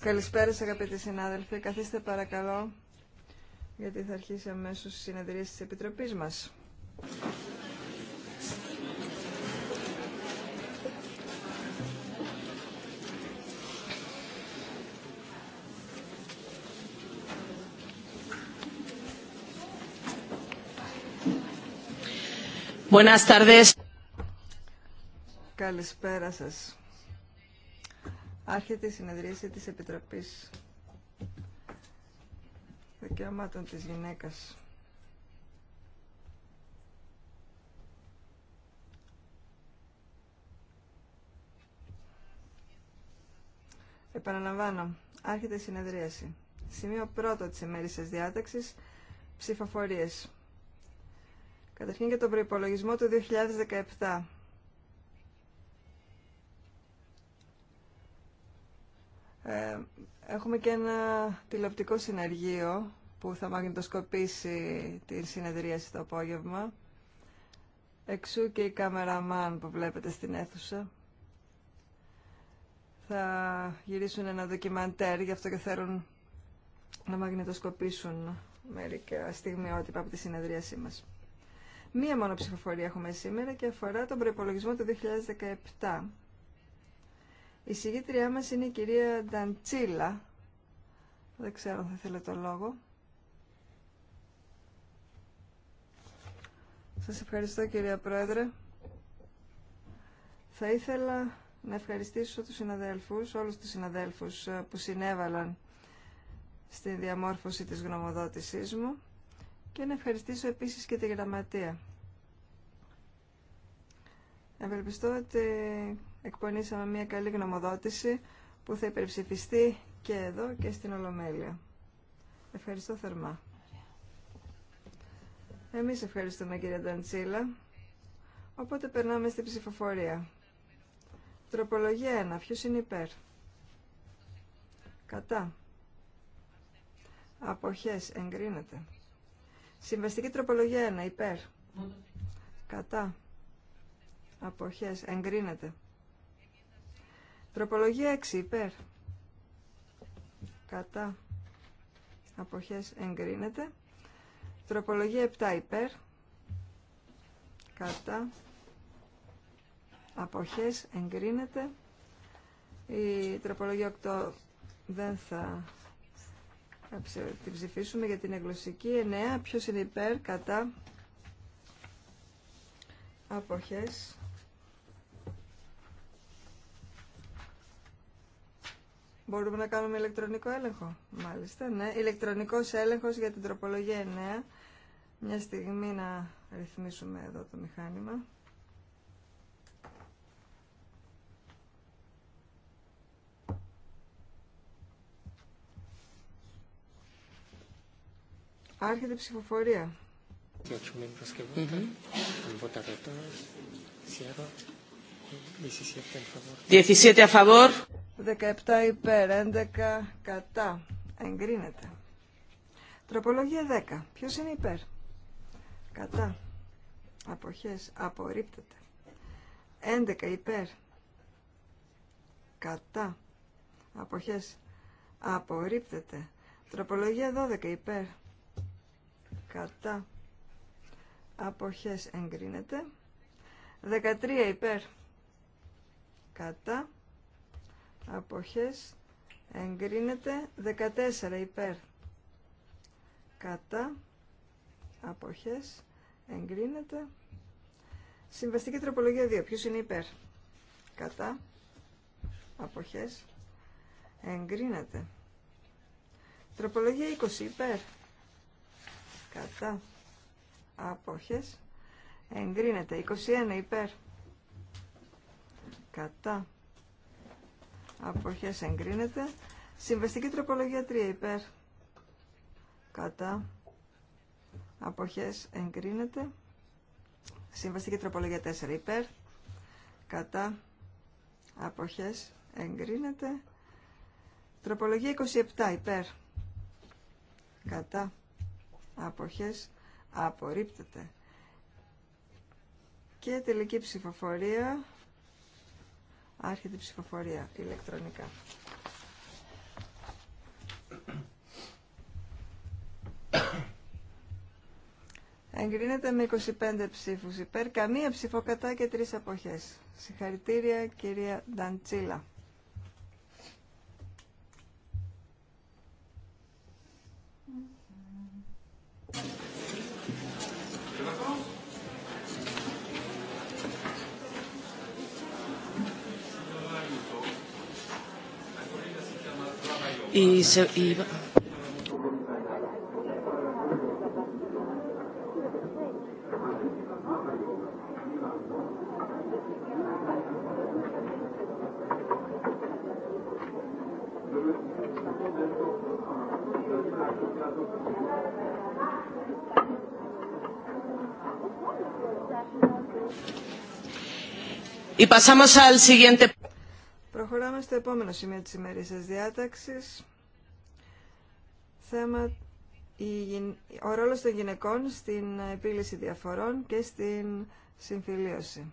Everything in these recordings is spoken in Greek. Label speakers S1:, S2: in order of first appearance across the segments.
S1: Καλησπέρα σας αγαπητοί συνάδελφοι. Καθίστε παρακαλώ, γιατί θα αρχίσει αμέσω η συνεδρία τη Επιτροπή μας. Καλησπέρα σας. Άρχεται η συνεδρίαση της Επιτροπής Δικαιωμάτων της Γυναίκας. Επαναλαμβάνω, άρχεται η συνεδρίαση. Σημείο πρώτο της ημέρησης διάταξης, ψηφοφορίες. Καταρχήν για τον προϋπολογισμό του 2017. Ε, έχουμε και ένα τηλεοπτικό συνεργείο που θα μαγνητοσκοπήσει τη συνεδρίαση το απόγευμα. Εξού και η καμεραμάν που βλέπετε στην αίθουσα. Θα γυρίσουν ένα ντοκιμαντέρ, γι' αυτό και θέλουν να μαγνητοσκοπήσουν μερικά στιγμιότυπα από τη συνεδρίασή μας. Μία μόνο ψηφοφορία έχουμε σήμερα και αφορά τον προπολογισμό του 2017. Η συγγήτριά μας είναι η κυρία Νταντσίλα. Δεν ξέρω αν θα θέλει το λόγο. Σας ευχαριστώ κυρία Πρόεδρε. Θα ήθελα να ευχαριστήσω τους συναδέλφους, όλους τους συναδέλφους ε, που συνέβαλαν στη διαμόρφωση της γνωμοδότησής μου και να ευχαριστήσω επίσης και τη γραμματεία. Ευελπιστώ ότι εκπονήσαμε μια καλή γνωμοδότηση που θα υπερψηφιστεί και εδώ και στην Ολομέλεια. Ευχαριστώ θερμά. Εμείς ευχαριστούμε κύριε Νταντσίλα. Οπότε περνάμε στη ψηφοφορία. Τροπολογία 1. Ποιος είναι υπέρ. Κατά. Αποχές. Εγκρίνεται. Συμβαστική τροπολογία 1. Υπέρ. Κατά. Αποχές. Εγκρίνεται. Τροπολογία 6 υπέρ. Κατά. Αποχές εγκρίνεται. Τροπολογία 7 υπέρ. Κατά. Αποχές εγκρίνεται. Η τροπολογία 8 δεν θα την ψηφίσουμε για την εγγλωσσική 9. Ποιος είναι υπέρ, κατά, αποχές, Μπορούμε να κάνουμε ηλεκτρονικό έλεγχο. Μάλιστα, ναι. Ηλεκτρονικό έλεγχο για την τροπολογία 9. Μια στιγμή να ρυθμίσουμε εδώ το μηχάνημα. Άρχεται η ψηφοφορία. Mm 17 υπέρ, 11 κατά. Εγκρίνεται. Τροπολογία 10. Ποιος είναι υπέρ. Κατά. Αποχές. Απορρίπτεται. 11 υπέρ. Κατά. Αποχές. Απορρίπτεται. Τροπολογία 12 υπέρ. Κατά. Αποχές εγκρίνεται. 13 υπέρ. Κατά αποχές εγκρίνεται 14 υπέρ κατά αποχές εγκρίνεται συμβαστική τροπολογία 2 ποιος είναι υπέρ κατά αποχές εγκρίνεται τροπολογία 20 υπέρ κατά αποχές εγκρίνεται 21 υπέρ κατά αποχές εγκρίνεται. Συμβαστική τροπολογία 3 υπέρ κατά αποχές εγκρίνεται. Συμβαστική τροπολογία 4 υπέρ κατά αποχές εγκρίνεται. Τροπολογία 27 υπέρ κατά αποχές απορρίπτεται. Και τελική ψηφοφορία Άρχεται η ψηφοφορία ηλεκτρονικά. Εγκρίνεται με 25 ψήφους υπέρ, καμία ψηφοκατά και τρεις αποχές. Συγχαρητήρια κυρία Νταντσίλα. so Προχωράμε στο επόμενο σημείο της ημερήσιας διάταξης θέμα ο ρόλος των γυναικών στην επίλυση διαφορών και στην συμφιλίωση.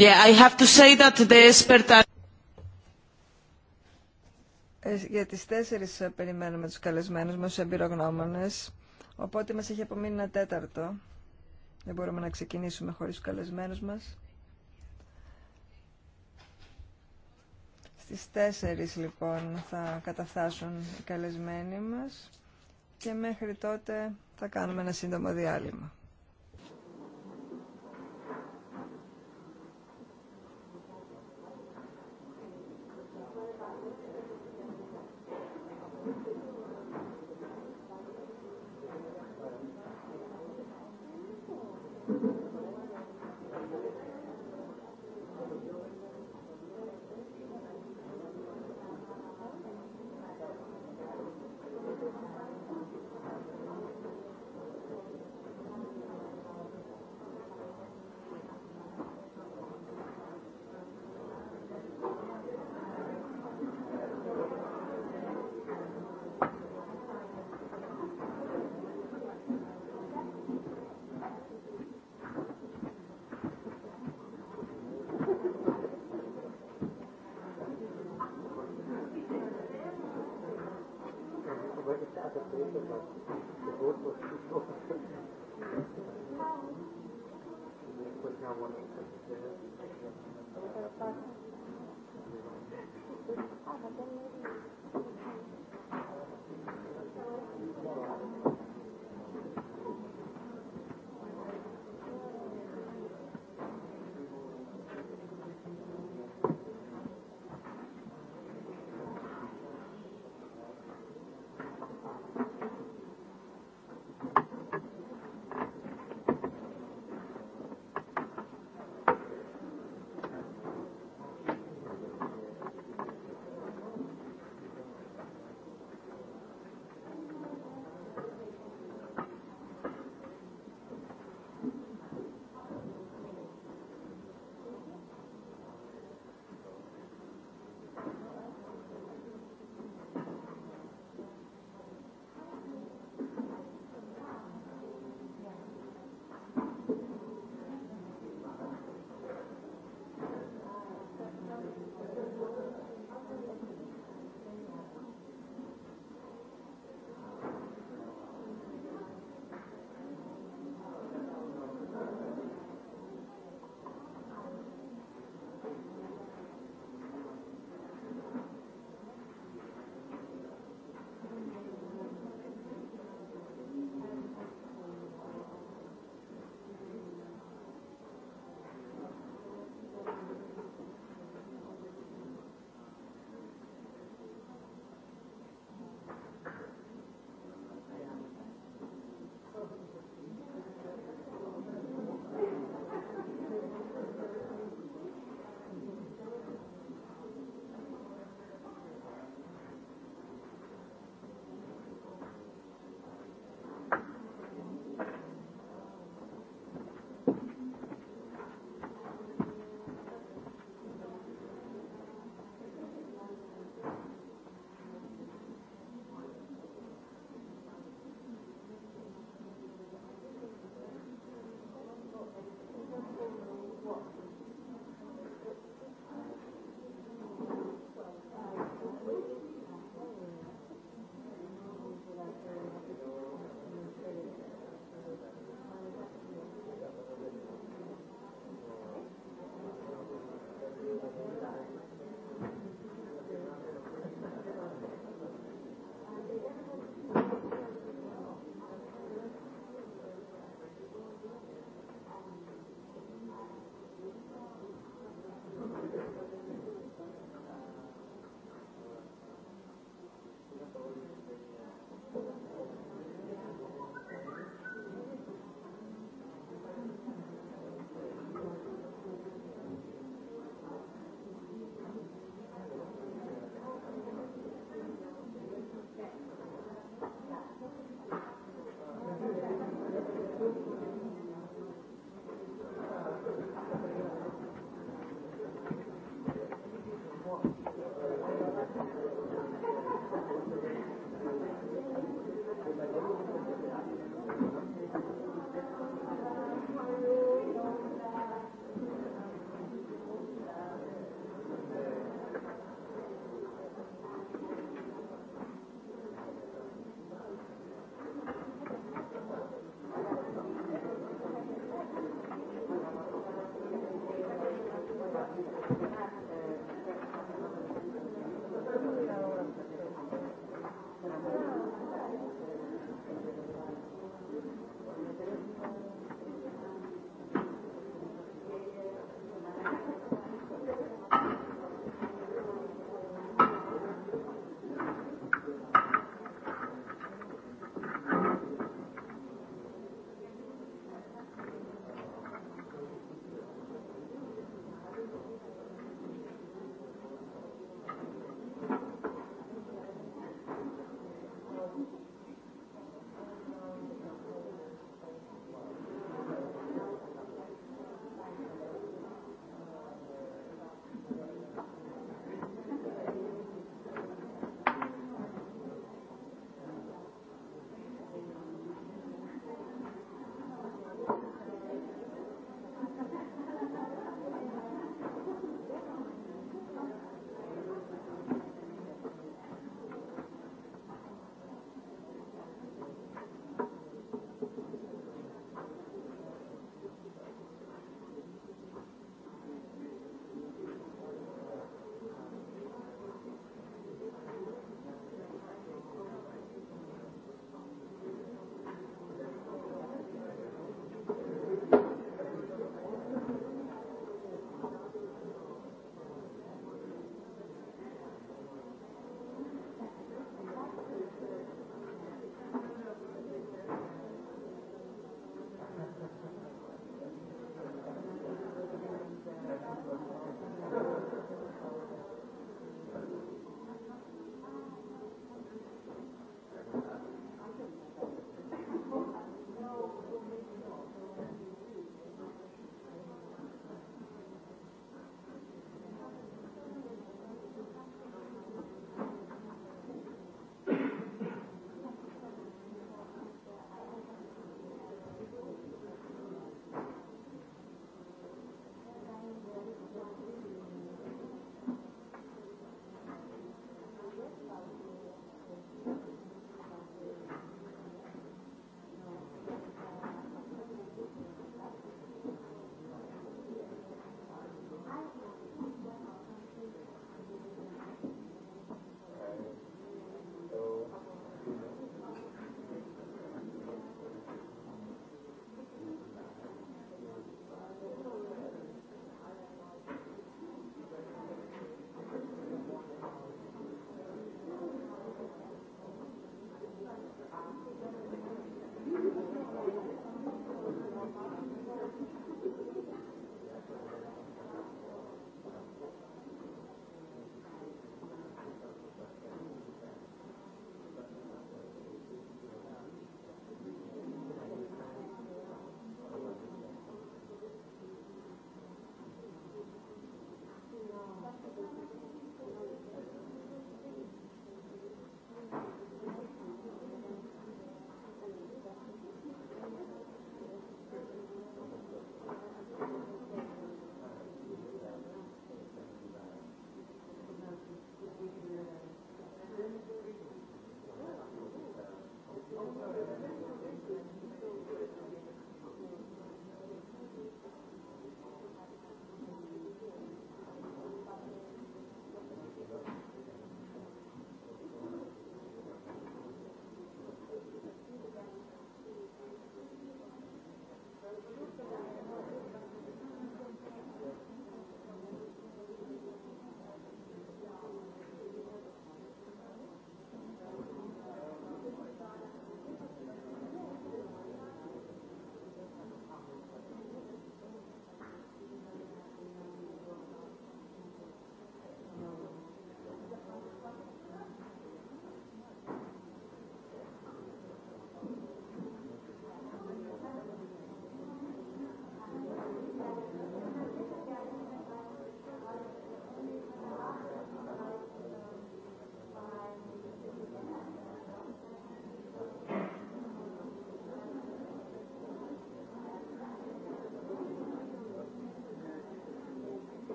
S1: Ε, για τις τέσσερις ε, περιμένουμε τους καλεσμένους μας, τους εμπειρογνώμονες. Οπότε μας έχει απομείνει ένα τέταρτο. Δεν μπορούμε να ξεκινήσουμε χωρίς τους καλεσμένους μας. Στις τέσσερις λοιπόν θα καταφτάσουν οι καλεσμένοι μας και μέχρι τότε θα κάνουμε ένα σύντομο διάλειμμα.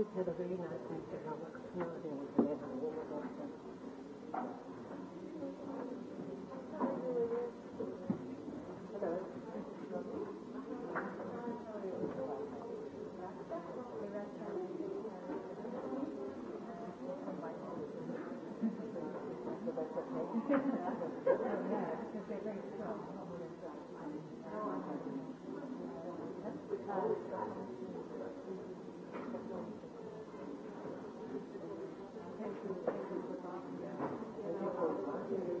S2: kids had a very nice with the Thank you. Thank you.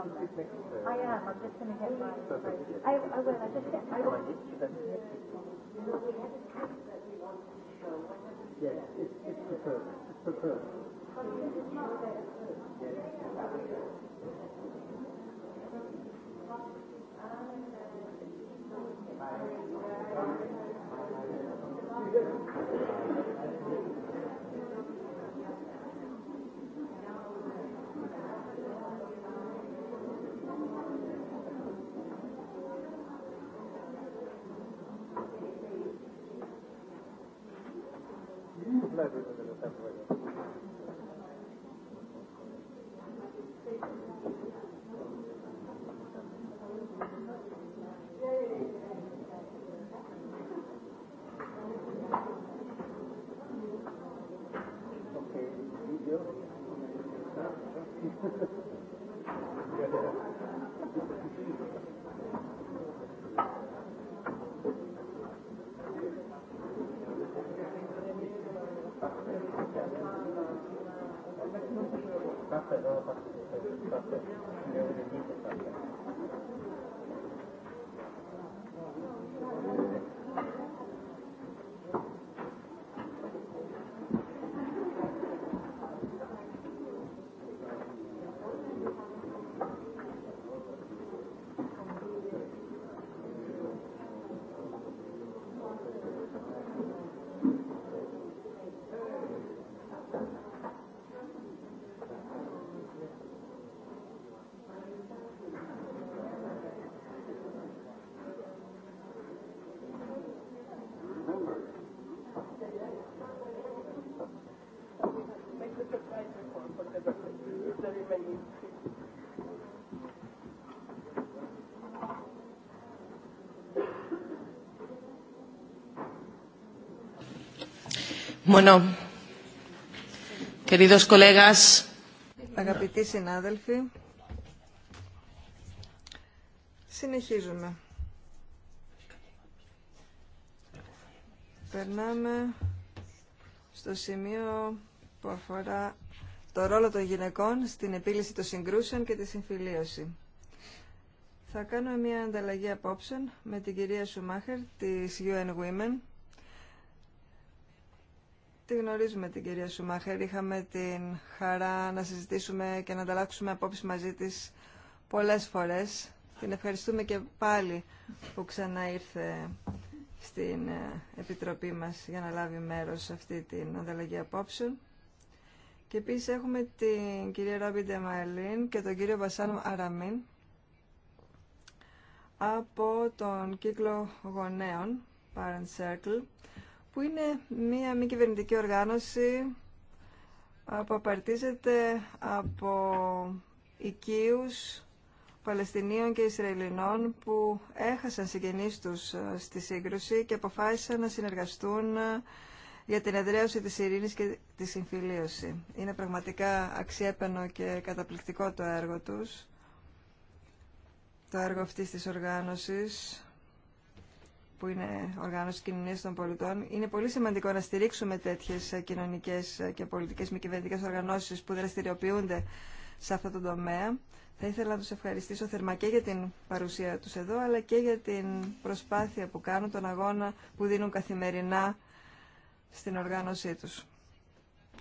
S2: I am. I'm just going to get my. I, I will. I just get my. Yes, it's, it's preferred. It's preferred. Yes.
S3: Bueno,
S1: queridos colegas. Αγαπητοί συνάδελφοι, συνεχίζουμε. Περνάμε στο σημείο που αφορά το ρόλο των γυναικών στην επίλυση των συγκρούσεων και τη συμφιλίωση. Θα κάνω μια ανταλλαγή απόψεων με την κυρία Σουμάχερ της UN Women. Τη γνωρίζουμε την κυρία Σουμάχερ. Είχαμε την χαρά να συζητήσουμε και να ανταλλάξουμε απόψεις μαζί της πολλές φορές. Την ευχαριστούμε και πάλι που ξανά ήρθε στην ε, Επιτροπή μας για να λάβει μέρος αυτή την ανταλλαγή απόψεων. Και επίσης έχουμε την κυρία Ράμπι Ντεμαελίν και τον κύριο Βασάν Αραμίν από τον κύκλο γονέων Parent Circle που είναι μία μη κυβερνητική οργάνωση που απαρτίζεται από οικίους Παλαιστινίων και Ισραηλινών που έχασαν συγγενείς τους στη σύγκρουση και αποφάσισαν να συνεργαστούν για την εδραίωση της ειρήνης και τη συμφιλίωση. Είναι πραγματικά αξιέπαινο και καταπληκτικό το έργο τους, το έργο αυτής της οργάνωσης που είναι οργάνωση κοινωνία των πολιτών. Είναι πολύ σημαντικό να στηρίξουμε τέτοιε κοινωνικέ και πολιτικέ μη κυβερνητικέ οργανώσει που δραστηριοποιούνται σε αυτό το τομέα. Θα ήθελα να του ευχαριστήσω θερμά και για την παρουσία του εδώ, αλλά και για την προσπάθεια που κάνουν, τον αγώνα που δίνουν καθημερινά στην οργάνωσή τους.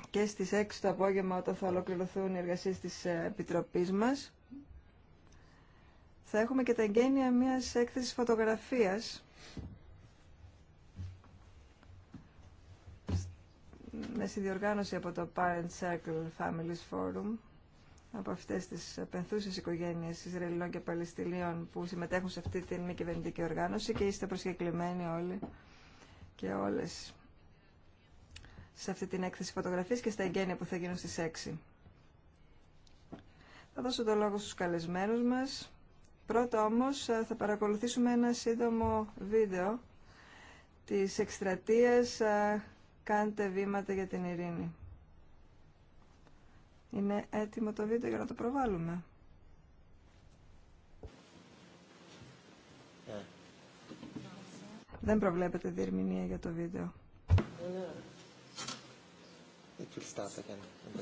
S1: Και στις 6 το απόγευμα όταν θα ολοκληρωθούν οι εργασίες της ε, Επιτροπής μας θα έχουμε και τα εγγένεια μιας έκθεσης φωτογραφίας με συνδιοργάνωση από το Parent Circle Families Forum από αυτές τις πενθούσες οικογένειες Ισραηλινών και Παλαιστινίων που συμμετέχουν σε αυτή την μη κυβερνητική οργάνωση και είστε προσκεκλημένοι όλοι και όλες σε αυτή την έκθεση φωτογραφίες και στα εγγένεια που θα γίνουν στις 6. Θα δώσω το λόγο στους καλεσμένους μας. Πρώτα όμως ε, θα παρακολουθήσουμε ένα σύντομο βίντεο της εκστρατείας ε, «Κάντε βήματα για την ειρήνη». Είναι έτοιμο το βίντεο για να το προβάλλουμε. Ε. Δεν προβλέπετε διερμηνία για το βίντεο.
S2: Ναι it will start again in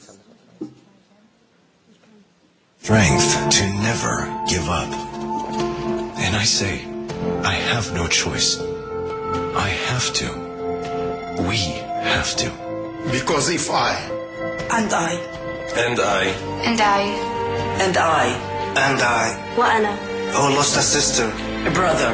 S2: Strength to never give up. And I say, I have no choice. I have to. We have to. Because if I. And I. And I. And I. And I. And I. Anna Oh lost a sister, a brother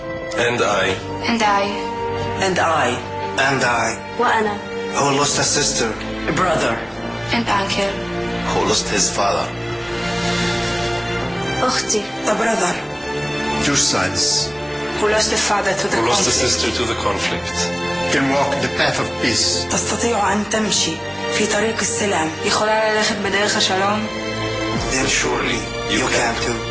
S2: And I. And I. And I. And I. وأنا. Who lost a sister, a brother. And uncle. Who lost his father.
S3: أختي. A brother.
S2: Your sons.
S3: Who lost the father to
S1: the Who lost the sister
S2: to the conflict. Can walk the path of peace.
S1: تستطيع أن تمشي في طريق السلام. יכולה لك بدرخ شلون.
S2: Then surely you, you can too.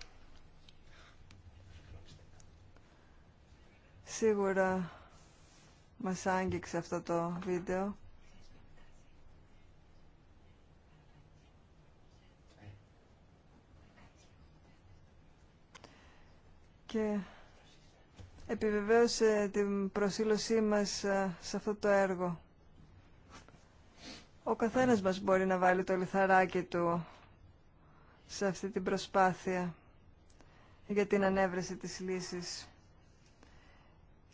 S1: Σίγουρα μας άγγιξε αυτό το βίντεο. Και επιβεβαίωσε την προσήλωσή μας ε, σε αυτό το έργο. Ο καθένας μας μπορεί να βάλει το λιθαράκι του σε αυτή την προσπάθεια για την ανέβρεση της λύσης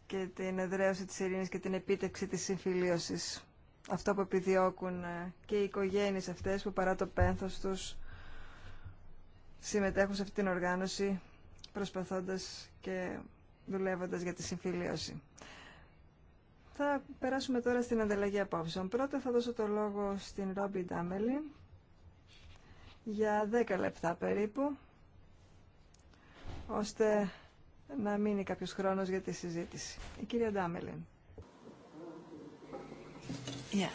S1: και την εδραίωση της ειρήνης και την επίτευξη της συμφιλίωσης. Αυτό που επιδιώκουν ε, και οι οικογένειες αυτές που παρά το πένθος τους συμμετέχουν σε αυτή την οργάνωση προσπαθώντας και δουλεύοντας για τη συμφιλίωση. Θα περάσουμε τώρα στην ανταλλαγή απόψεων. Πρώτα θα δώσω το λόγο στην Ρόμπι Ντάμελη για 10 λεπτά περίπου, ώστε να μείνει κάποιος χρόνος για τη συζήτηση. Η κυρία Ντάμελεν.
S3: Yeah.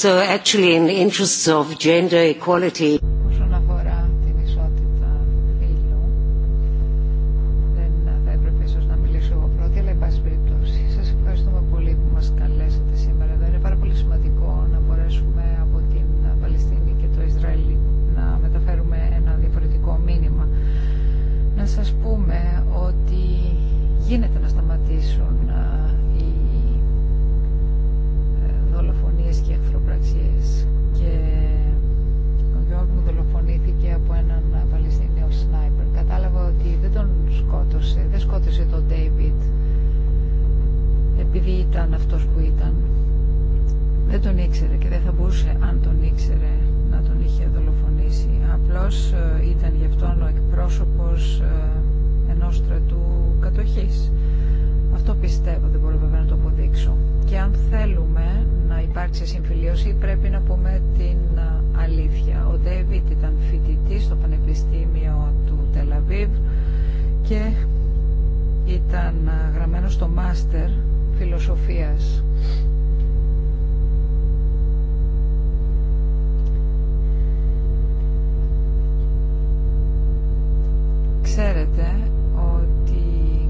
S3: So actually in the interests of gender equality... φιλοσοφίας. Ξέρετε ότι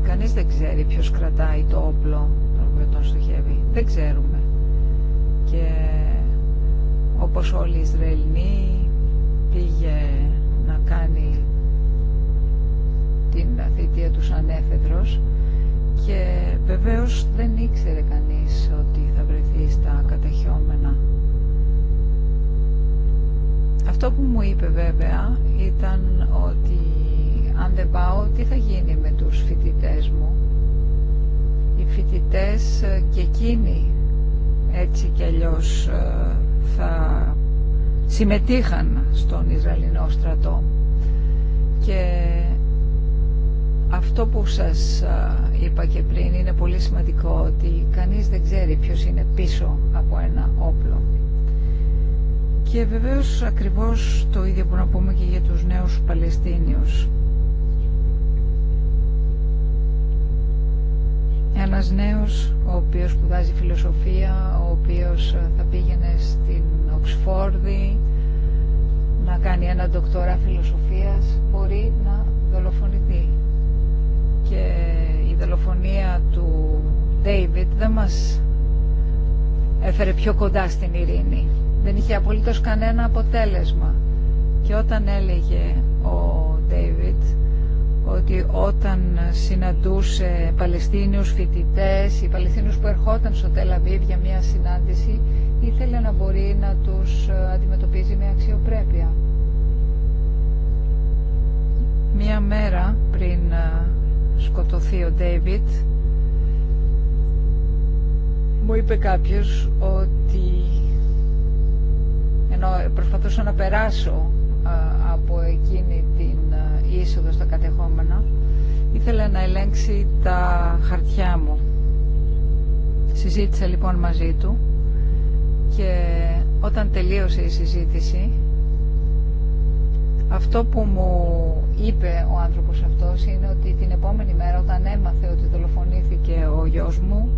S3: κανείς δεν ξέρει ποιος κρατάει το όπλο τον οποίο τον στοχεύει. Δεν ξέρουμε. Και όπως όλοι οι Ισραηλοί πήγε να κάνει την θητεία του έφεδρος και βεβαίως δεν ήξερε κανείς ότι θα βρεθεί στα κατεχιόμενα. Αυτό που μου είπε βέβαια ήταν ότι αν δεν πάω τι θα γίνει με τους φοιτητές μου. Οι φοιτητές ε, και εκείνοι έτσι κι αλλιώς ε, θα συμμετείχαν στον Ισραηλινό στρατό και αυτό που σας είπα και πριν είναι πολύ σημαντικό ότι κανείς δεν ξέρει ποιος είναι πίσω από ένα όπλο. Και βεβαίως ακριβώς το ίδιο που να πούμε και για τους νέους Παλαιστίνιους. Ένας νέος ο οποίος σπουδάζει φιλοσοφία, ο οποίος θα πήγαινε στην Οξφόρδη να κάνει ένα ντοκτορά φιλοσοφίας μπορεί να δολοφονηθεί η δολοφονία του David δεν μας έφερε πιο κοντά στην ειρήνη. Δεν είχε απολύτως κανένα αποτέλεσμα. Και όταν έλεγε ο David ότι όταν συναντούσε Παλαιστίνιους φοιτητές, οι Παλαιστίνιους που ερχόταν στο Τελαβίβ για μια συνάντηση, ήθελε να μπορεί να τους ε, αντιμετωπίζει με αξιοπρέπεια. Μία μέρα πριν ε, σκοτωθεί ο Ντέιβιτ μου είπε κάποιος ότι ενώ προσπαθούσα να περάσω από εκείνη την είσοδο στα κατεχόμενα ήθελε να ελέγξει τα χαρτιά μου συζήτησα λοιπόν μαζί του και όταν τελείωσε η συζήτηση αυτό που μου είπε ο άνθρωπος αυτός είναι ότι την επόμενη μέρα όταν έμαθε ότι δολοφονήθηκε ο γιος μου,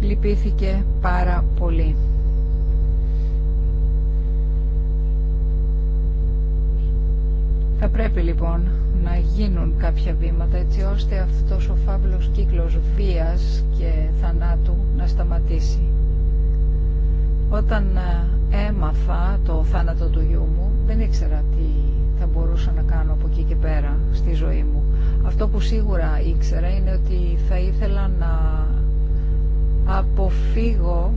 S3: λυπήθηκε πάρα πολύ. Θα πρέπει λοιπόν να γίνουν κάποια βήματα έτσι ώστε αυτός ο φαύλος κύκλος βίας και θανάτου να σταματήσει. Όταν ε, έμαθα το θάνατο του γιού μου, δεν ήξερα τι θα μπορούσα να κάνω από εκεί και πέρα στη ζωή μου. Αυτό που σίγουρα ήξερα είναι ότι θα ήθελα να αποφύγω,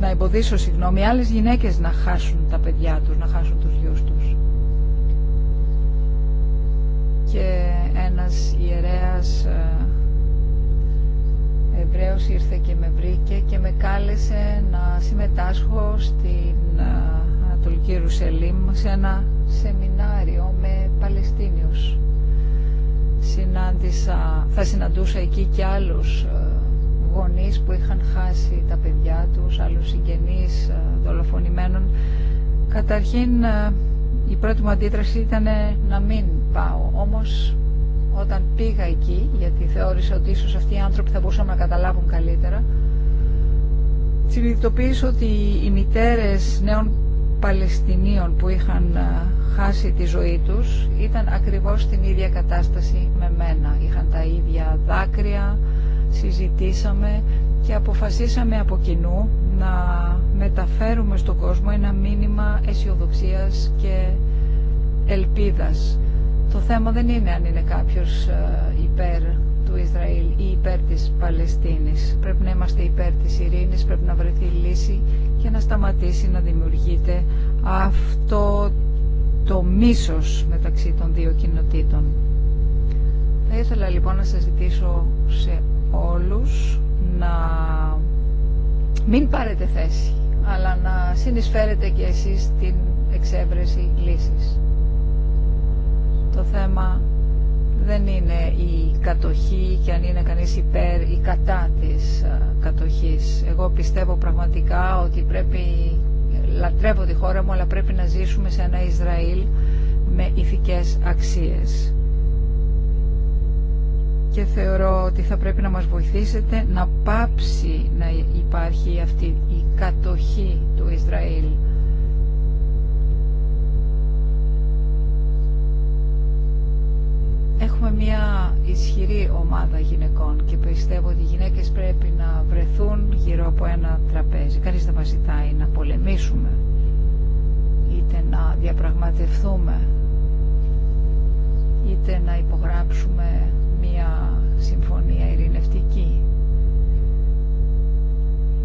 S3: να εμποδίσω συγγνώμη, άλλες γυναίκες να χάσουν τα παιδιά τους, να χάσουν τους γιους τους. Και ένας ιερέας ε, Εβραίος ήρθε και με βρήκε και με κάλεσε να συμμετάσχω στην ε, Ανατολική Ιερουσαλήμ σε ένα σεμινάριο με Παλαιστίνιους. Συνάντησα, θα συναντούσα εκεί και άλλους ε, γονείς που είχαν χάσει τα παιδιά τους, άλλους συγγενείς ε, δολοφονημένων. Καταρχήν ε, η πρώτη μου αντίδραση ήταν να μην πάω, όμως όταν πήγα εκεί, γιατί θεώρησα ότι ίσως αυτοί οι άνθρωποι θα μπορούσαν να καταλάβουν καλύτερα, συνειδητοποίησα ότι οι μητέρες νέων Παλαιστινίων που είχαν ε, χάσει τη ζωή τους ήταν ακριβώς την ίδια κατάσταση με μένα. Είχαν τα ίδια δάκρυα, συζητήσαμε και αποφασίσαμε από κοινού να μεταφέρουμε στον κόσμο ένα μήνυμα αισιοδοξία και ελπίδας. Το θέμα δεν είναι αν είναι κάποιος ε, υπέρ του Ισραήλ ή υπέρ της Παλαιστίνης. Πρέπει να είμαστε υπέρ της ειρήνης, πρέπει να βρεθεί λύση για να σταματήσει να δημιουργείται αυτό το μίσος μεταξύ των δύο κοινοτήτων. Θα ήθελα λοιπόν να σας ζητήσω σε όλους να μην πάρετε θέση, αλλά να συνεισφέρετε και εσείς την εξέβρεση λύσης. Το θέμα δεν είναι η κατοχή και αν είναι κανείς υπέρ ή κατά της κατοχής. Εγώ πιστεύω πραγματικά ότι πρέπει, λατρεύω τη χώρα μου, αλλά πρέπει να ζήσουμε σε ένα Ισραήλ με ηθικές αξίες. Και θεωρώ ότι θα πρέπει να μας βοηθήσετε να πάψει να υπάρχει αυτή η κατοχή του Ισραήλ. έχουμε μια ισχυρή ομάδα γυναικών και πιστεύω ότι οι γυναίκες πρέπει να βρεθούν γύρω από ένα τραπέζι. Κανείς δεν μας ζητάει να πολεμήσουμε είτε να διαπραγματευτούμε είτε να υπογράψουμε μια συμφωνία ειρηνευτική.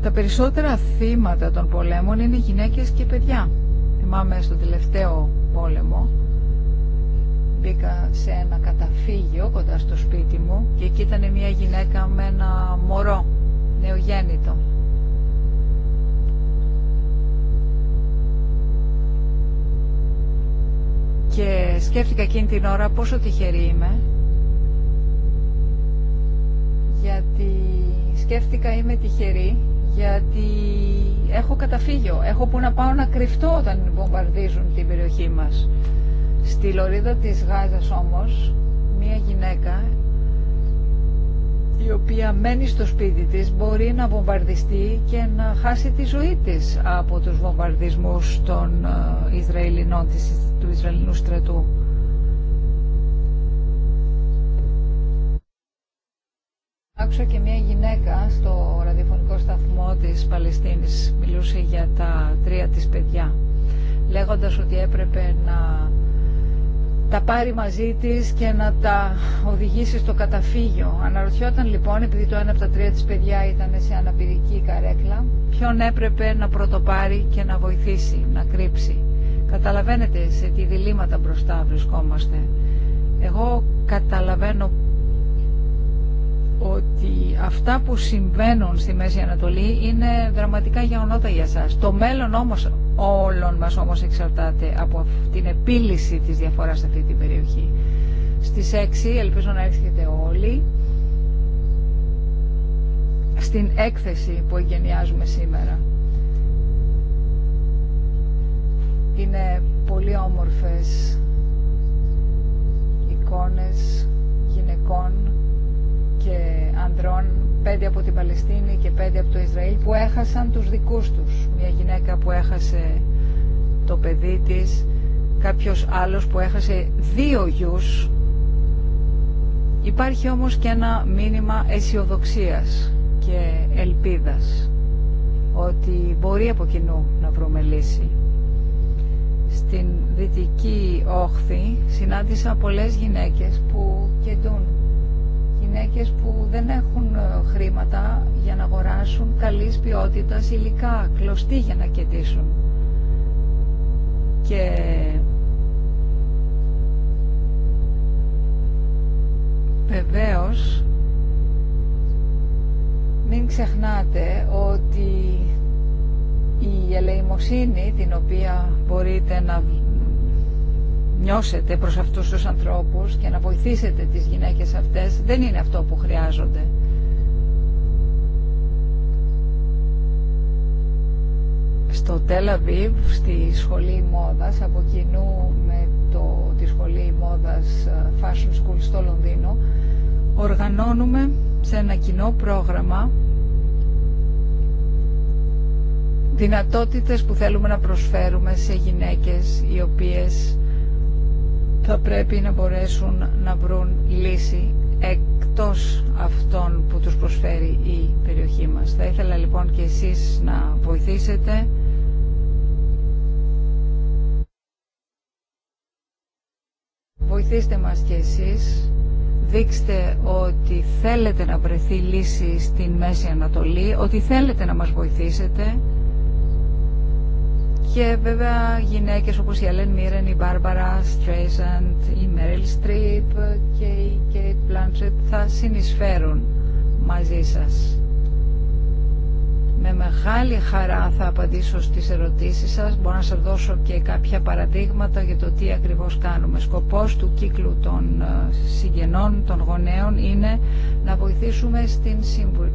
S3: Τα περισσότερα θύματα των πολέμων είναι γυναίκες και παιδιά. Θυμάμαι στο τελευταίο πόλεμο μπήκα σε ένα καταφύγιο κοντά στο σπίτι μου και εκεί ήταν μια γυναίκα με ένα μωρό νεογέννητο. Και σκέφτηκα εκείνη την ώρα πόσο τυχερή είμαι γιατί σκέφτηκα είμαι τυχερή γιατί έχω καταφύγιο, έχω που να πάω να κρυφτώ όταν βομβαρδίζουν την περιοχή μας. Στη λωρίδα της Γάζας όμως, μία γυναίκα η οποία μένει στο σπίτι της μπορεί να βομβαρδιστεί και να χάσει τη ζωή της από τους βομβαρδισμούς των ε, Ισραηλινών, του Ισραηλινού στρατού. Άκουσα και μια γυναίκα στο ραδιοφωνικό σταθμό της Παλαιστίνης, μιλούσε για τα τρία της παιδιά, λέγοντας ότι έπρεπε να τα πάρει μαζί της και να τα οδηγήσει στο καταφύγιο. Αναρωτιόταν λοιπόν, επειδή το ένα από τα τρία της παιδιά ήταν σε αναπηρική καρέκλα, ποιον έπρεπε να πρωτοπάρει και να βοηθήσει, να κρύψει. Καταλαβαίνετε σε τι διλήμματα μπροστά βρισκόμαστε. Εγώ καταλαβαίνω ότι αυτά που συμβαίνουν στη Μέση Ανατολή είναι δραματικά γεγονότα για σας. Το μέλλον όμως όλων μας όμως εξαρτάται από την επίλυση της διαφοράς σε αυτή την περιοχή. Στις 6 ελπίζω να έρθετε όλοι στην έκθεση που εγγενιάζουμε σήμερα. Είναι πολύ όμορφες εικόνες γυναικών και ανδρών πέντε από την Παλαιστίνη και πέντε από το Ισραήλ που έχασαν τους δικούς τους. Μια γυναίκα που έχασε το παιδί της, κάποιος άλλος που έχασε δύο γιους. Υπάρχει όμως και ένα μήνυμα αισιοδοξία και ελπίδας ότι μπορεί από κοινού να βρούμε λύση. Στην δυτική όχθη συνάντησα πολλές γυναίκες που κεντούν που δεν έχουν ε, χρήματα για να αγοράσουν καλής ποιότητας υλικά, κλωστή για να κετήσουν. Και βεβαίως μην ξεχνάτε ότι η ελεημοσύνη την οποία μπορείτε να νιώσετε προς αυτούς τους ανθρώπους και να βοηθήσετε τις γυναίκες αυτές δεν είναι αυτό που χρειάζονται. Στο Τελαβίβ, στη σχολή μόδας, από κοινού με το, τη σχολή μόδας ε, Fashion School στο Λονδίνο, οργανώνουμε σε ένα κοινό πρόγραμμα δυνατότητες που θέλουμε να προσφέρουμε σε γυναίκες οι οποίες θα πρέπει να μπορέσουν να βρουν λύση εκτός αυτών που τους προσφέρει η περιοχή μας. Θα ήθελα λοιπόν και εσείς να βοηθήσετε. Βοηθήστε μας και εσείς. Δείξτε ότι θέλετε να βρεθεί λύση στην Μέση Ανατολή, ότι θέλετε να μας βοηθήσετε και βέβαια γυναίκες όπως η Ελέν Μίρεν, η Μπάρμπαρα Στρέιζαντ, η Μέριλ Στρίπ και η Κέιτ Μπλάντσετ θα συνεισφέρουν μαζί σας. Με μεγάλη χαρά θα απαντήσω στις ερωτήσεις σας. Μπορώ να σας δώσω και κάποια παραδείγματα για το τι ακριβώς κάνουμε. Σκοπός του κύκλου των ε, συγγενών, των γονέων είναι να βοηθήσουμε στην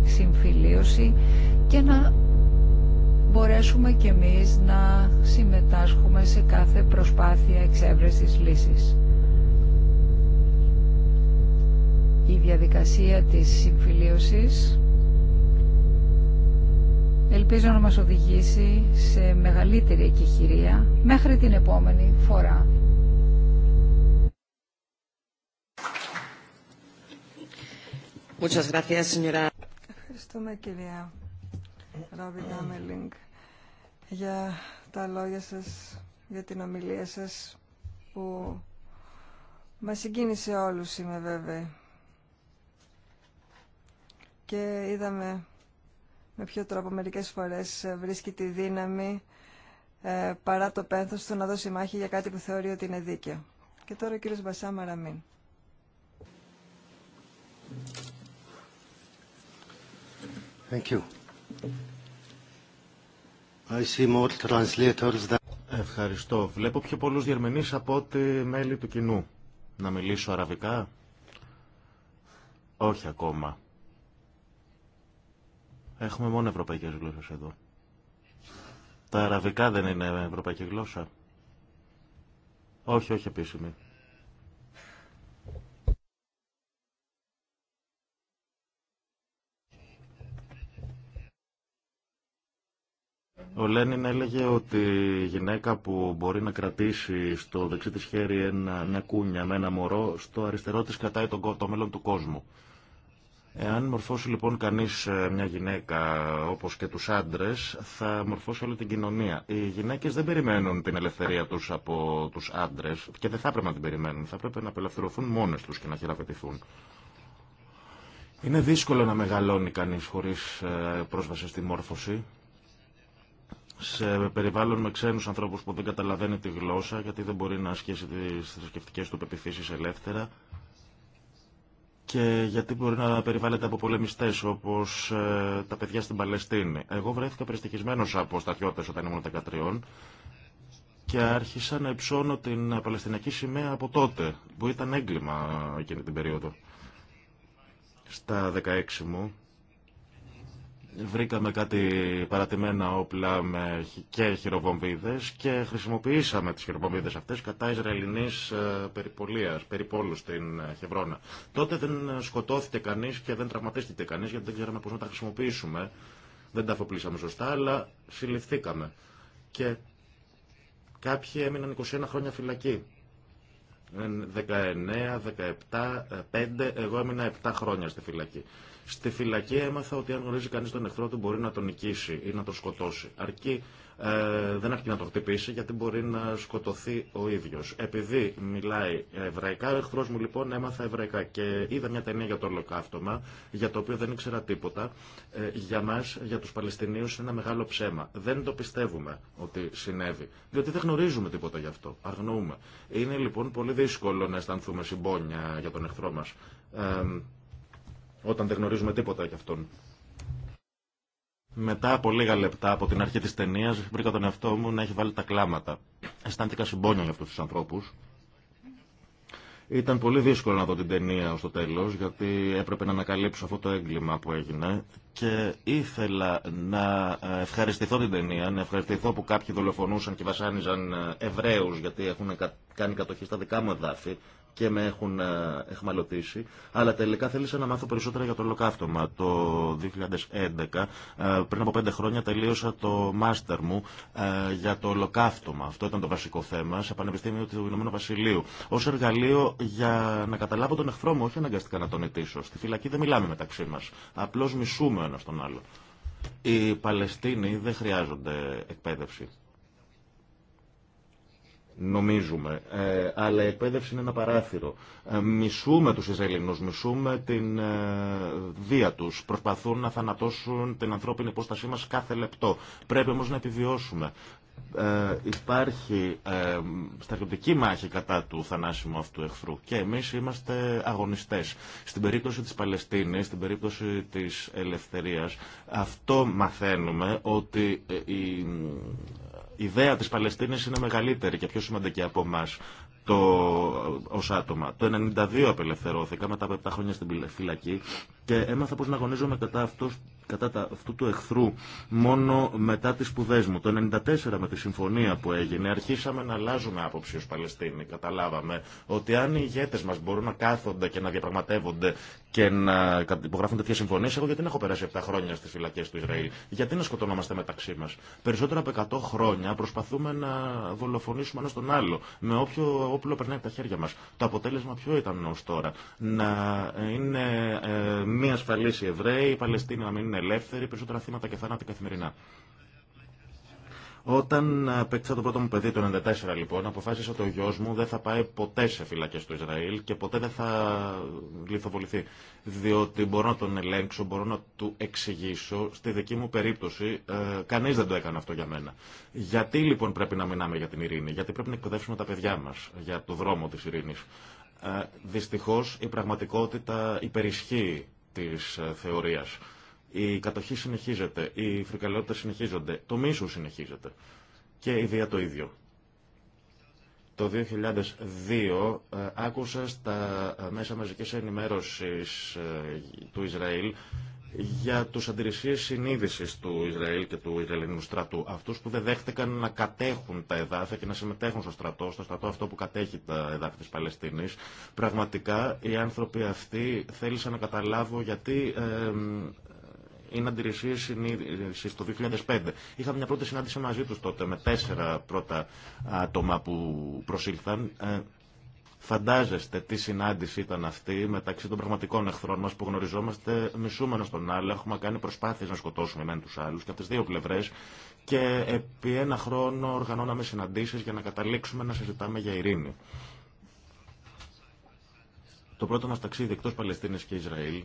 S3: συμφιλίωση και να μπορέσουμε και εμείς να συμμετάσχουμε σε κάθε προσπάθεια εξέβρεσης λύσης. Η διαδικασία της συμφιλίωσης ελπίζω να μας οδηγήσει σε μεγαλύτερη εκεχηρία μέχρι την επόμενη φορά. Ευχαριστούμε
S1: κυρία Ρόβιν Κάμελινγκ για τα λόγια σας, για την ομιλία σας που μας συγκίνησε όλους είμαι βέβαια Και είδαμε με ποιο τρόπο μερικές φορές ε, βρίσκει τη δύναμη ε, παρά το πένθος του να δώσει μάχη για κάτι που θεωρεί ότι είναι δίκαιο. Και τώρα ο κύριος Μπασά Μαραμίν.
S2: Thank
S4: Ευχαριστώ. Βλέπω πιο πολλούς Γερμενείς από ότι μέλη του κοινού. Να μιλήσω αραβικά. Όχι ακόμα. Έχουμε μόνο ευρωπαϊκές γλώσσες εδώ. Τα αραβικά δεν είναι ευρωπαϊκή γλώσσα. Όχι, όχι επίσημη. Ο Λένιν έλεγε ότι η γυναίκα που μπορεί να κρατήσει στο δεξί της χέρι ένα, μια κούνια με ένα μωρό, στο αριστερό της κρατάει το, το μέλλον του κόσμου. Εάν μορφώσει λοιπόν κανείς ε, μια γυναίκα όπως και τους άντρες, θα μορφώσει όλη την κοινωνία. Οι γυναίκες δεν περιμένουν την ελευθερία τους από τους άντρες και δεν θα έπρεπε να την περιμένουν. Θα έπρεπε να απελευθερωθούν μόνες τους και να χειραπετηθούν. Είναι δύσκολο να μεγαλώνει κανείς χωρίς ε, πρόσβαση στη μόρφωση σε περιβάλλον με ξένου ανθρώπου που δεν καταλαβαίνει τη γλώσσα γιατί δεν μπορεί να ασκήσει τι θρησκευτικέ του πεπιθήσει ελεύθερα και γιατί μπορεί να περιβάλλεται από πολεμιστές όπως ε, τα παιδιά στην Παλαιστίνη. Εγώ βρέθηκα περιστοιχισμένο από στατιώτες όταν ήμουν 13 και άρχισα να υψώνω την Παλαιστινιακή σημαία από τότε που ήταν έγκλημα εκείνη την περίοδο. Στα 16 μου βρήκαμε κάτι παρατημένα όπλα με και χειροβομβίδες και χρησιμοποιήσαμε τις χειροβομβίδες αυτές κατά Ισραηλινής ε, περιπολίας, περιπόλου στην ε, Χευρώνα. Τότε δεν ε, σκοτώθηκε κανείς και δεν τραυματίστηκε κανείς γιατί δεν ξέραμε πώς να τα χρησιμοποιήσουμε. Δεν τα αφοπλήσαμε σωστά, αλλά συλληφθήκαμε. Και κάποιοι έμειναν 21 χρόνια φυλακή. 19, 17, 5, εγώ έμεινα 7 χρόνια στη φυλακή. Στη φυλακή έμαθα ότι αν γνωρίζει κανεί τον εχθρό του μπορεί να τον νικήσει ή να τον σκοτώσει. Αρκεί, ε, δεν αρκεί να τον χτυπήσει γιατί μπορεί να σκοτωθεί ο ίδιο. Επειδή μιλάει εβραϊκά, ο εχθρό μου λοιπόν έμαθα εβραϊκά και είδα μια ταινία για το ολοκαύτωμα για το οποίο δεν ήξερα τίποτα. Ε, για μα, για του Παλαιστινίου, είναι ένα μεγάλο ψέμα. Δεν το πιστεύουμε ότι συνέβη. Διότι δεν γνωρίζουμε τίποτα γι' αυτό. Αγνοούμε. Είναι λοιπόν πολύ δύσκολο να αισθανθούμε συμπόνια για τον εχθρό μα. Ε, όταν δεν γνωρίζουμε τίποτα για αυτόν. Μετά από λίγα λεπτά από την αρχή της ταινία βρήκα τον εαυτό μου να έχει βάλει τα κλάματα. Αισθάνθηκα συμπόνια για αυτού του ανθρώπους. Ήταν πολύ δύσκολο να δω την ταινία στο τέλος, γιατί έπρεπε να ανακαλύψω αυτό το έγκλημα που έγινε και ήθελα να ε, ευχαριστηθώ την ταινία, να ευχαριστηθώ που κάποιοι δολοφονούσαν και βασάνιζαν ε, Εβραίου γιατί έχουν κάνει κατοχή στα δικά μου εδάφη, και με έχουν ε, εχμαλωτήσει. Αλλά τελικά θέλησα να μάθω περισσότερα για το ολοκαύτωμα. Το 2011, ε, πριν από πέντε χρόνια, τελείωσα το μάστερ μου ε, για το ολοκαύτωμα. Αυτό ήταν το βασικό θέμα σε Πανεπιστήμιο του Ηνωμένου Βασιλείου. Ω εργαλείο για να καταλάβω τον εχθρό μου, όχι αναγκαστικά να τον ετήσω. Στη φυλακή δεν μιλάμε μεταξύ μα. Απλώ μισούμε ένα τον άλλο. Οι Παλαιστίνοι δεν χρειάζονται εκπαίδευση νομίζουμε. Ε, αλλά η εκπαίδευση είναι ένα παράθυρο. Ε, μισούμε τους Ισραηλινούς, μισούμε την ε, βία τους. Προσπαθούν να θανατώσουν την ανθρώπινη υπόστασή μας κάθε λεπτό. Πρέπει όμως να επιβιώσουμε. Ε, υπάρχει ε, στρατιωτική μάχη κατά του θανάσιμου αυτού εχθρού και εμείς είμαστε αγωνιστές. Στην περίπτωση της Παλαιστίνης, στην περίπτωση της ελευθερίας, αυτό μαθαίνουμε ότι η η ιδέα της Παλαιστίνης είναι μεγαλύτερη και πιο σημαντική από εμά το, ως άτομα. Το 92 απελευθερώθηκα μετά από 7 χρόνια στην φυλακή και έμαθα πώς να αγωνίζομαι κατά, αυτός, κατά τα, αυτού του εχθρού μόνο μετά τις σπουδέ μου. Το 94 με τη συμφωνία που έγινε αρχίσαμε να αλλάζουμε άποψη ως Παλαιστίνη. Καταλάβαμε ότι αν οι ηγέτες μας μπορούν να κάθονται και να διαπραγματεύονται και να υπογράφουν τέτοιε συμφωνίε. Εγώ γιατί δεν έχω περάσει 7 χρόνια στι φυλακέ του Ισραήλ. Γιατί να σκοτωνόμαστε μεταξύ μα. Περισσότερο από 100 χρόνια προσπαθούμε να δολοφονήσουμε ένα τον άλλο. Με όποιο όπλο περνάει από τα χέρια μα. Το αποτέλεσμα ποιο ήταν ω τώρα. Να είναι ε, μη ασφαλεί οι Εβραίοι, οι Παλαιστίνοι να μην είναι ελεύθερη, περισσότερα θύματα και θάνατοι καθημερινά. Όταν παίξα το πρώτο μου παιδί το 1994 λοιπόν, αποφάσισα ότι ο γιο μου δεν θα πάει ποτέ σε φυλακέ του Ισραήλ και ποτέ δεν θα λιθοβοληθεί. Διότι μπορώ να τον ελέγξω, μπορώ να του εξηγήσω. Στη δική μου περίπτωση, ε, κανεί δεν το έκανε αυτό για μένα. Γιατί λοιπόν πρέπει να μιλάμε για την ειρήνη, Γιατί πρέπει να εκπαιδεύσουμε τα παιδιά μα για το δρόμο τη ειρήνη. Ε, Δυστυχώ η πραγματικότητα υπερισχύει τη ε, θεωρία. Η κατοχή συνεχίζεται, οι φρικαλαιότητες συνεχίζονται, το μίσο συνεχίζεται και η βία το ίδιο. Το 2002 ε, άκουσα στα ε, μέσα μαζικής ενημέρωσης ε, του Ισραήλ για τους αντιρρησίες συνείδησης του Ισραήλ και του Ισραηλινού στρατού. Αυτούς που δεν δέχτηκαν να κατέχουν τα εδάφια και να συμμετέχουν στο στρατό, στο στρατό αυτό που κατέχει τα εδάφια της Παλαιστίνης. Πραγματικά οι άνθρωποι αυτοί θέλησαν να καταλάβω γιατί είναι αντιρρησίε συνείδηση το 2005. Είχαμε μια πρώτη συνάντηση μαζί του τότε με τέσσερα πρώτα άτομα που προσήλθαν. Ε, φαντάζεστε τι συνάντηση ήταν αυτή μεταξύ των πραγματικών εχθρών μα που γνωριζόμαστε μισούμενο τον άλλο. Έχουμε κάνει προσπάθειε να σκοτώσουμε μεν του άλλου και από τι δύο πλευρέ. Και επί ένα χρόνο οργανώναμε συναντήσει για να καταλήξουμε να συζητάμε για ειρήνη. Το πρώτο μα ταξίδι εκτό Παλαιστίνη και Ισραήλ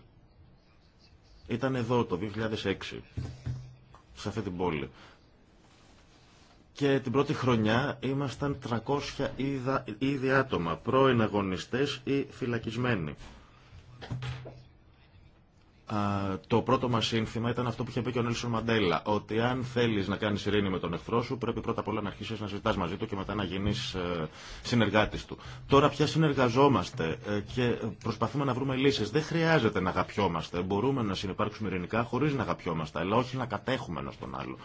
S4: ήταν εδώ το 2006, σε αυτή την πόλη. Και την πρώτη χρονιά ήμασταν 300 ήδη άτομα, πρώην αγωνιστές ή φυλακισμένοι το πρώτο μα σύνθημα ήταν αυτό που είχε πει και ο Νέλσον Μαντέλα. Ότι αν θέλει να κάνει ειρήνη με τον εχθρό σου, πρέπει πρώτα απ' όλα να αρχίσει να συζητά μαζί του και μετά να γίνει ε, συνεργάτη του. Τώρα πια συνεργαζόμαστε ε, και προσπαθούμε να βρούμε λύσει. Δεν χρειάζεται να αγαπιόμαστε. Μπορούμε να συνεπάρξουμε ειρηνικά χωρί να αγαπιόμαστε, αλλά όχι να κατέχουμε ένα τον άλλο.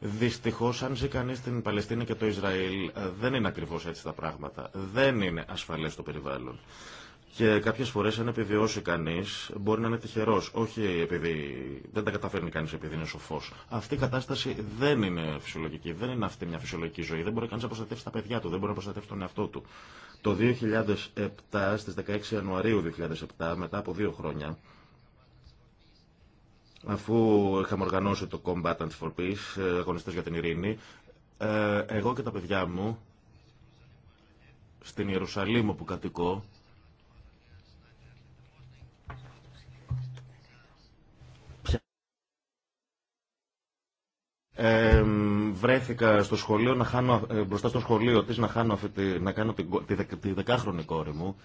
S4: Δυστυχώ, αν ζει κανεί στην Παλαιστίνη και το Ισραήλ, ε, δεν είναι ακριβώ έτσι τα πράγματα. Δεν είναι ασφαλέ το περιβάλλον. Και κάποιε φορέ, αν επιβιώσει κανεί, μπορεί να είναι τυχερό. Όχι επειδή δεν τα καταφέρνει κανεί επειδή είναι σοφό. Αυτή η κατάσταση δεν είναι φυσιολογική. Δεν είναι αυτή μια φυσιολογική ζωή. Δεν μπορεί κανεί να προστατεύσει τα παιδιά του. Δεν μπορεί να προστατεύσει τον εαυτό του. Το 2007, στι 16 Ιανουαρίου 2007, μετά από δύο χρόνια, αφού είχαμε οργανώσει το Combatants for Peace, ε, αγωνιστέ για την ειρήνη, ε, εγώ και τα παιδιά μου στην Ιερουσαλήμ όπου κατοικώ, Ε, βρέθηκα στο σχολείο να χάνω, ε, μπροστά στο σχολείο της να, χάνω αυτή, να κάνω τη, τη, τη δεκάχρονη κόρη μου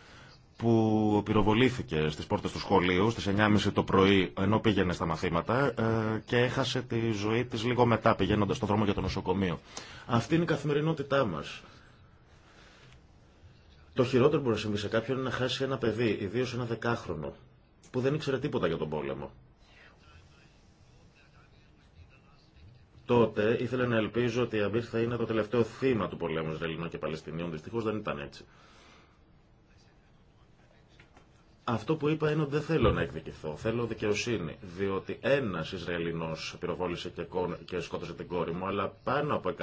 S4: που πυροβολήθηκε στις πόρτες του σχολείου στις 9.30 το πρωί ενώ πήγαινε στα μαθήματα ε, και έχασε τη ζωή της λίγο μετά πηγαίνοντας στον δρόμο για το νοσοκομείο. Αυτή είναι η καθημερινότητά μας. Το χειρότερο που μπορεί να συμβεί σε κάποιον είναι να χάσει ένα παιδί, ιδίω ένα δεκάχρονο, που δεν ήξερε τίποτα για τον πόλεμο. Τότε ήθελα να ελπίζω ότι η Αμπίρ θα είναι το τελευταίο θύμα του πολέμου Ισραηλινών και Παλαιστινίων. Δυστυχώ δεν ήταν έτσι. Αυτό που είπα είναι ότι δεν θέλω να εκδικηθώ. Θέλω δικαιοσύνη. Διότι ένα Ισραηλινό πυροβόλησε και σκότωσε την κόρη μου, αλλά πάνω από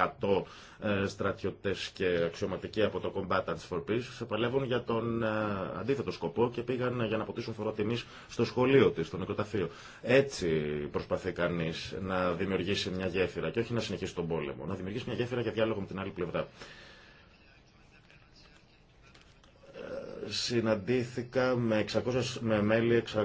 S4: 100 ε, στρατιωτέ και αξιωματικοί από το Combatants for Peace παλεύουν για τον ε, αντίθετο σκοπό και πήγαν για να αποτύσσουν φοροτιμή στο σχολείο τη, στο νεκροταφείο. Έτσι προσπαθεί κανεί να δημιουργήσει μια γέφυρα και όχι να συνεχίσει τον πόλεμο. Να δημιουργήσει μια γέφυρα για διάλογο με την άλλη πλευρά. συναντήθηκα με, 600, με μέλη 620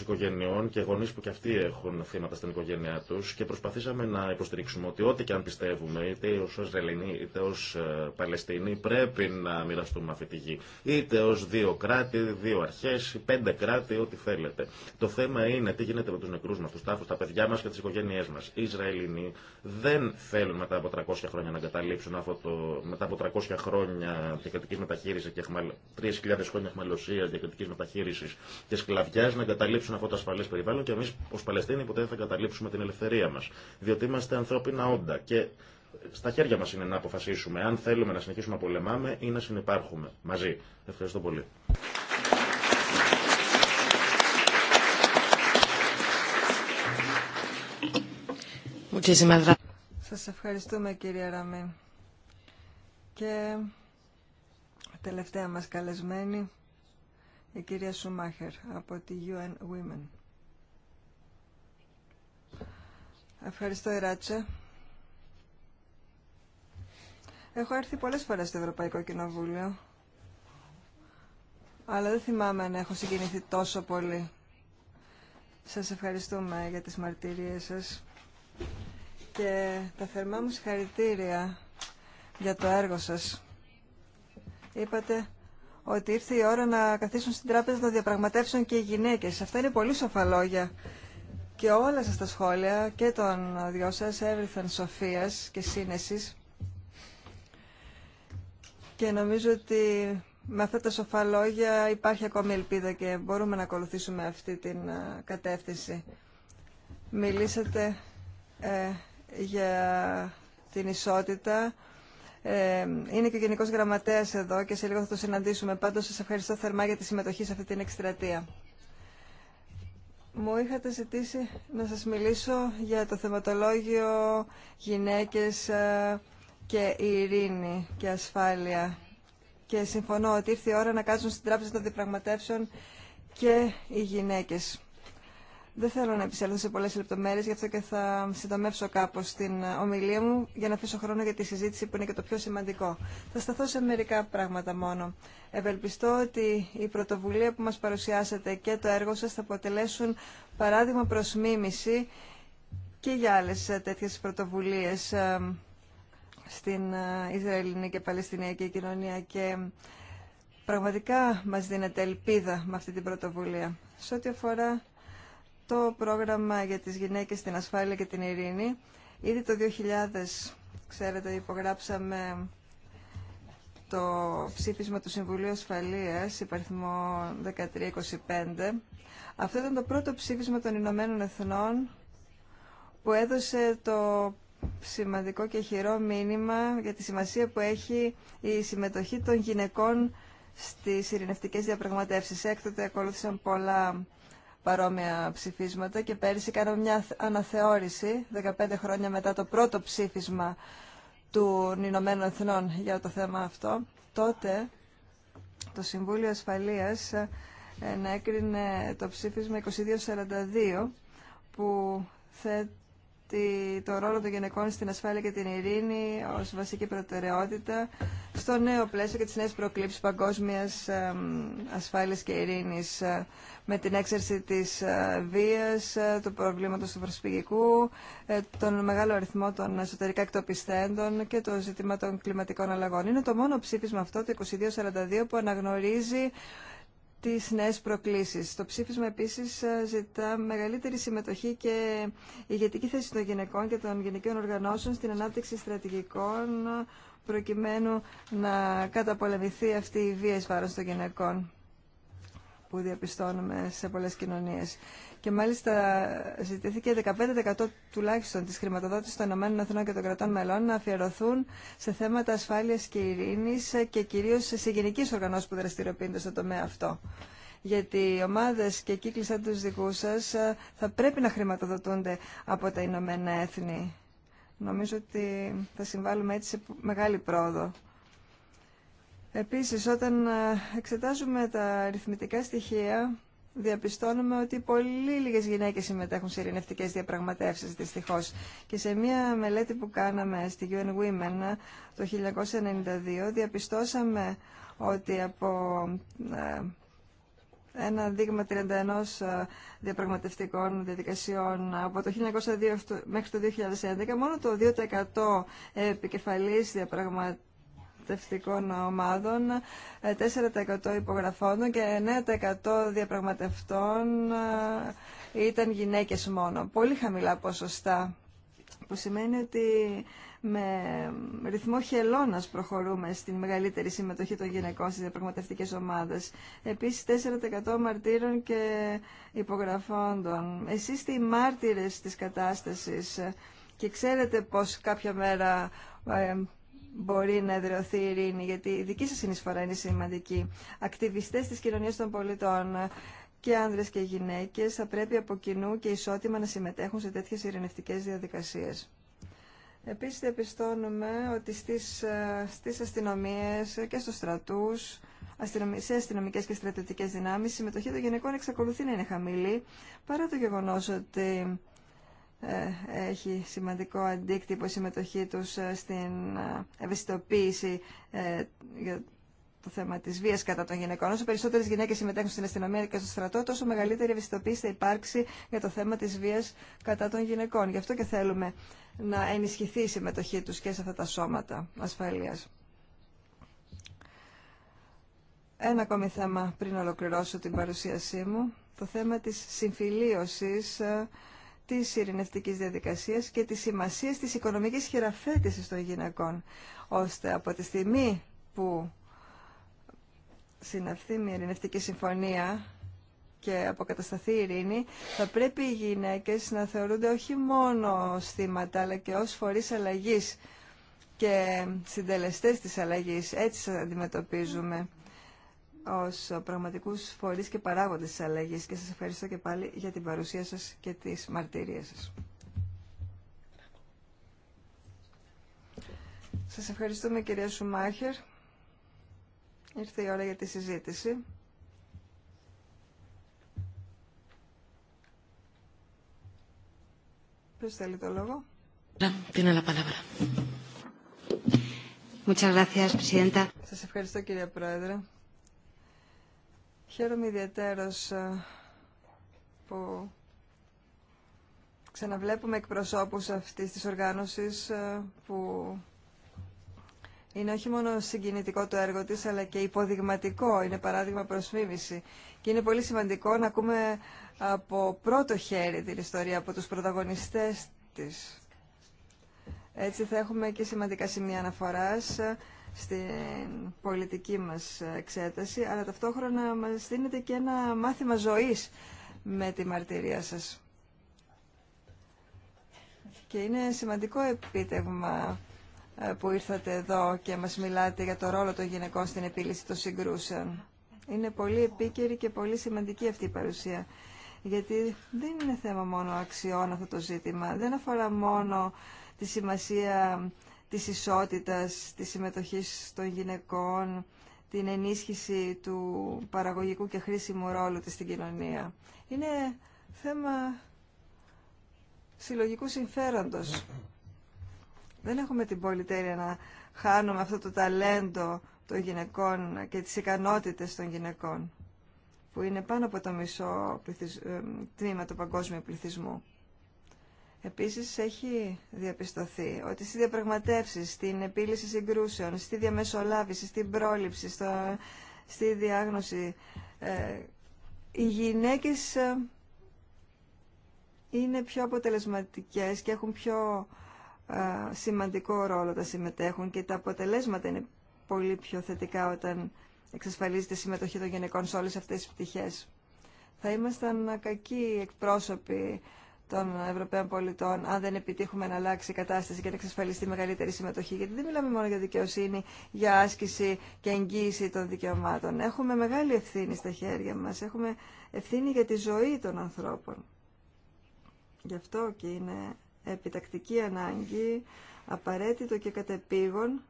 S4: οικογενειών και γονεί που και αυτοί έχουν θύματα στην οικογένειά του και προσπαθήσαμε να υποστηρίξουμε ότι ό,τι και αν πιστεύουμε, είτε ω Ισραηλινοί είτε ω ε, Παλαιστινοί, πρέπει να μοιραστούμε αυτή τη γη. Είτε ω δύο κράτη, δύο αρχέ, πέντε κράτη, ό,τι θέλετε. Το θέμα είναι τι γίνεται με του νεκρού μα, του τάφου, τα παιδιά μα και τι οικογένειέ μα. Οι Ισραηλινοί δεν θέλουν μετά από 300 χρόνια να εγκαταλείψουν αυτό το μετά από 300 χρόνια διακριτική μεταχείριση και 3.000 χρόνια αιχμαλωσία, διακριτική μεταχείριση και σκλαβιά να εγκαταλείψουν αυτό το ασφαλέ περιβάλλον και εμεί ω Παλαιστίνοι ποτέ δεν θα εγκαταλείψουμε την ελευθερία μα. Διότι είμαστε ανθρώπινα όντα και στα χέρια μα είναι να αποφασίσουμε αν θέλουμε να συνεχίσουμε να πολεμάμε ή να συνεπάρχουμε μαζί. Ευχαριστώ πολύ.
S1: Σας ευχαριστούμε κύριε Ραμή. Και τελευταία μας καλεσμένη, η κυρία Σουμάχερ από τη UN Women. Ευχαριστώ, Ιράτσε. Έχω έρθει πολλές φορές στο Ευρωπαϊκό Κοινοβούλιο, αλλά δεν θυμάμαι να έχω συγκινηθεί τόσο πολύ. Σας ευχαριστούμε για τις μαρτυρίες σας και τα θερμά μου συγχαρητήρια για το έργο σας. Είπατε ότι ήρθε η ώρα να καθίσουν στην τράπεζα να διαπραγματεύσουν και οι γυναίκες. Αυτά είναι πολύ σοφά Και όλα σα τα σχόλια και των δυο σα έβριθαν σοφίας και σύνεση. Και νομίζω ότι με αυτά τα σοφά υπάρχει ακόμη ελπίδα και μπορούμε να ακολουθήσουμε αυτή την ε, κατεύθυνση. Μιλήσατε ε, για την ισότητα ε, είναι και ο Γενικός Γραμματέας εδώ και σε λίγο θα το συναντήσουμε. Πάντως σας ευχαριστώ θερμά για τη συμμετοχή σε αυτή την εκστρατεία. Μου είχατε ζητήσει να σας μιλήσω για το θεματολόγιο γυναίκες ε, και ειρήνη και ασφάλεια. Και συμφωνώ ότι ήρθε η ώρα να κάτσουν στην τράπεζα των Διπραγματεύσεων και οι γυναίκες. Δεν θέλω να επισέλθω σε πολλές λεπτομέρειες, γι' αυτό και θα συντομεύσω κάπως την ε, ομιλία μου για να αφήσω χρόνο για τη συζήτηση που είναι και το πιο σημαντικό. Θα σταθώ σε μερικά πράγματα μόνο. Ευελπιστώ ότι η πρωτοβουλία που μας παρουσιάσατε και το έργο σας θα αποτελέσουν παράδειγμα προς μίμηση και για άλλες ε, τέτοιες πρωτοβουλίες ε, στην Ισραηλινή και Παλαιστινιακή κοινωνία και πραγματικά μας δίνεται ελπίδα με αυτή την πρωτοβουλία. Σε ό,τι αφορά το πρόγραμμα για τις γυναίκες στην ασφάλεια και την ειρήνη. Ήδη το 2000, ξέρετε, υπογράψαμε το ψήφισμα του Συμβουλίου Ασφαλείας, υπαριθμό 1325. Αυτό ήταν το πρώτο ψήφισμα των Ηνωμένων Εθνών που έδωσε το σημαντικό και χειρό μήνυμα για τη σημασία που έχει η συμμετοχή των γυναικών στις ειρηνευτικές διαπραγματεύσεις. Έκτοτε ακολούθησαν πολλά παρόμοια ψηφίσματα και πέρυσι κάναμε μια αναθεώρηση 15 χρόνια μετά το πρώτο ψήφισμα του Ηνωμένων Εθνών για το θέμα αυτό. Τότε το Συμβούλιο Ασφαλείας ε, ενέκρινε το ψήφισμα 2242 που θέτει το ρόλο των γυναικών στην ασφάλεια και την ειρήνη ως βασική προτεραιότητα στο νέο πλαίσιο και τις νέες προκλήσεις παγκόσμιας ασφάλειας και ειρήνης ε, με την έξαρση της ε, βίας, ε, του προβλήματος του προσφυγικού, τον μεγάλο αριθμό των εσωτερικά εκτοπιστέντων και το ζήτημα των κλιματικών αλλαγών. Είναι το μόνο ψήφισμα αυτό, το 2242, που αναγνωρίζει τις νέες προκλήσεις. το ψήφισμα επίσης ε, ζητά μεγαλύτερη συμμετοχή και ηγετική θέση των γυναικών και των γυναικείων οργανώσεων στην ανάπτυξη στρατηγικών προκειμένου να καταπολεμηθεί αυτή η βία εις βάρος των γυναικών που διαπιστώνουμε σε πολλές κοινωνίες και μάλιστα ζητήθηκε 15% τουλάχιστον της χρηματοδότησης των ΗΠΑ και των κρατών μελών να αφιερωθούν σε θέματα ασφάλειας και ειρήνης και κυρίως σε γενικές οργανώσεις που δραστηριοποιούνται στο τομέα αυτό. Γιατί οι ομάδες και κύκλοι σαν τους δικούς σας ε, θα πρέπει να χρηματοδοτούνται από τα Ηνωμένα Έθνη. Νομίζω ότι θα συμβάλλουμε έτσι σε μεγάλη πρόοδο. Επίσης, όταν ε, εξετάζουμε τα αριθμητικά στοιχεία, διαπιστώνουμε ότι πολύ λίγες γυναίκες συμμετέχουν σε ειρηνευτικέ διαπραγματεύσεις Δυστυχώ. Και σε μία μελέτη που κάναμε στη UN Women το 1992 διαπιστώσαμε ότι από ε, ένα δείγμα 31 ε, διαπραγματευτικών διαδικασιών από το 1902 μέχρι το 2011 μόνο το 2% επικεφαλής διαπραγματεύσεων διαπραγματευτικών ομάδων, 4% ε, υπογραφών και 9% διαπραγματευτών ε, ήταν γυναίκες μόνο. Πολύ χαμηλά ποσοστά, που σημαίνει ότι με ρυθμό χελώνας προχωρούμε στην μεγαλύτερη συμμετοχή των γυναικών στις διαπραγματευτικές ομάδες. Επίσης 4% μαρτύρων και υπογραφώντων. Εσείς είστε οι μάρτυρες της κατάστασης ε, και ξέρετε πως κάποια μέρα μπορεί να εδραιωθεί η ειρήνη, γιατί η δική σας συνεισφορά είναι σημαντική. Ακτιβιστές της κοινωνίας των πολιτών και άνδρες και γυναίκες θα πρέπει από κοινού και ισότιμα να συμμετέχουν σε τέτοιες ειρηνευτικές διαδικασίες. Επίσης διαπιστώνουμε ότι στις, ε, στις αστυνομίες και στους στρατούς, σε αστυνομικές και στρατιωτικές δυνάμεις, η συμμετοχή των γυναικών εξακολουθεί να είναι χαμηλή, παρά το γεγονός ότι ε, έχει σημαντικό αντίκτυπο η συμμετοχή τους ε, στην ε, ευαισθητοποίηση για το θέμα της βίας κατά των γυναικών. Όσο περισσότερες γυναίκες συμμετέχουν στην αστυνομία και στο στρατό, τόσο μεγαλύτερη ευαισθητοποίηση θα υπάρξει για το θέμα της βίας κατά των γυναικών. Γι' αυτό και θέλουμε να ενισχυθεί η συμμετοχή τους και σε αυτά τα σώματα ασφαλείας. Ένα ακόμη θέμα πριν ολοκληρώσω την παρουσίασή μου, το θέμα της συμφιλίωσης τη ειρηνευτική διαδικασία και της σημασία τη οικονομική χειραφέτησης των γυναικών, ώστε από τη στιγμή που συναυθεί μια ειρηνευτική συμφωνία και αποκατασταθεί η ειρήνη, θα πρέπει οι γυναίκε να θεωρούνται όχι μόνο στήματα, θύματα, αλλά και ω φορείς αλλαγής και συντελεστές της αλλαγής. Έτσι αντιμετωπίζουμε ως πραγματικούς φορείς και παράγοντες της αλλαγής και σας ευχαριστώ και πάλι για την παρουσία σας και τις μαρτυρίες σας. Σας ευχαριστούμε κυρία Σουμάχερ. Ήρθε η ώρα για τη συζήτηση. Ποιος θέλει το λόγο. Σας ευχαριστώ κυρία Πρόεδρε. Χαίρομαι ιδιαίτερο που ξαναβλέπουμε εκπροσώπους αυτής της οργάνωσης ε, που είναι όχι μόνο συγκινητικό το έργο της, αλλά και υποδειγματικό, είναι παράδειγμα προς Και είναι πολύ σημαντικό να ακούμε από πρώτο χέρι την ιστορία, από τους πρωταγωνιστές της. Έτσι θα έχουμε και σημαντικά σημεία αναφοράς στην πολιτική μας εξέταση, αλλά ταυτόχρονα μας δίνετε και ένα μάθημα ζωής με τη μαρτυρία σας. Και είναι σημαντικό επίτευγμα ε, που ήρθατε εδώ και μας μιλάτε για το ρόλο των γυναικών στην επίλυση των συγκρούσεων. Είναι πολύ επίκαιρη και πολύ σημαντική αυτή η παρουσία. Γιατί δεν είναι θέμα μόνο αξιών αυτό το ζήτημα. Δεν αφορά μόνο τη σημασία της ισότητας, της συμμετοχής των γυναικών, την ενίσχυση του παραγωγικού και χρήσιμου ρόλου της στην κοινωνία. Είναι θέμα συλλογικού συμφέροντος. Δεν έχουμε την πολυτέλεια να χάνουμε αυτό το ταλέντο των γυναικών και τις ικανότητες των γυναικών, που είναι πάνω από το μισό πληθυσ... Ε, τμήμα του παγκόσμιου πληθυσμού. Επίσης έχει διαπιστωθεί ότι στις διαπραγματεύσεις, στην επίλυση συγκρούσεων, στη διαμεσολάβηση, στην πρόληψη, στη διάγνωση, ε, οι γυναίκες ε, είναι πιο αποτελεσματικές και έχουν πιο ε, σημαντικό ρόλο τα συμμετέχουν και τα αποτελέσματα είναι πολύ πιο θετικά όταν εξασφαλίζεται η συμμετοχή των γυναικών σε όλες αυτές τις πτυχές. Θα ήμασταν κακοί εκπρόσωποι των Ευρωπαίων πολιτών αν δεν επιτύχουμε να αλλάξει η κατάσταση και να εξασφαλιστεί μεγαλύτερη συμμετοχή. Γιατί δεν μιλάμε μόνο για δικαιοσύνη, για άσκηση και εγγύηση των δικαιωμάτων. Έχουμε μεγάλη ευθύνη στα χέρια μας. Έχουμε ευθύνη για τη ζωή των ανθρώπων. Γι' αυτό και είναι επιτακτική ανάγκη, απαραίτητο και κατεπήγον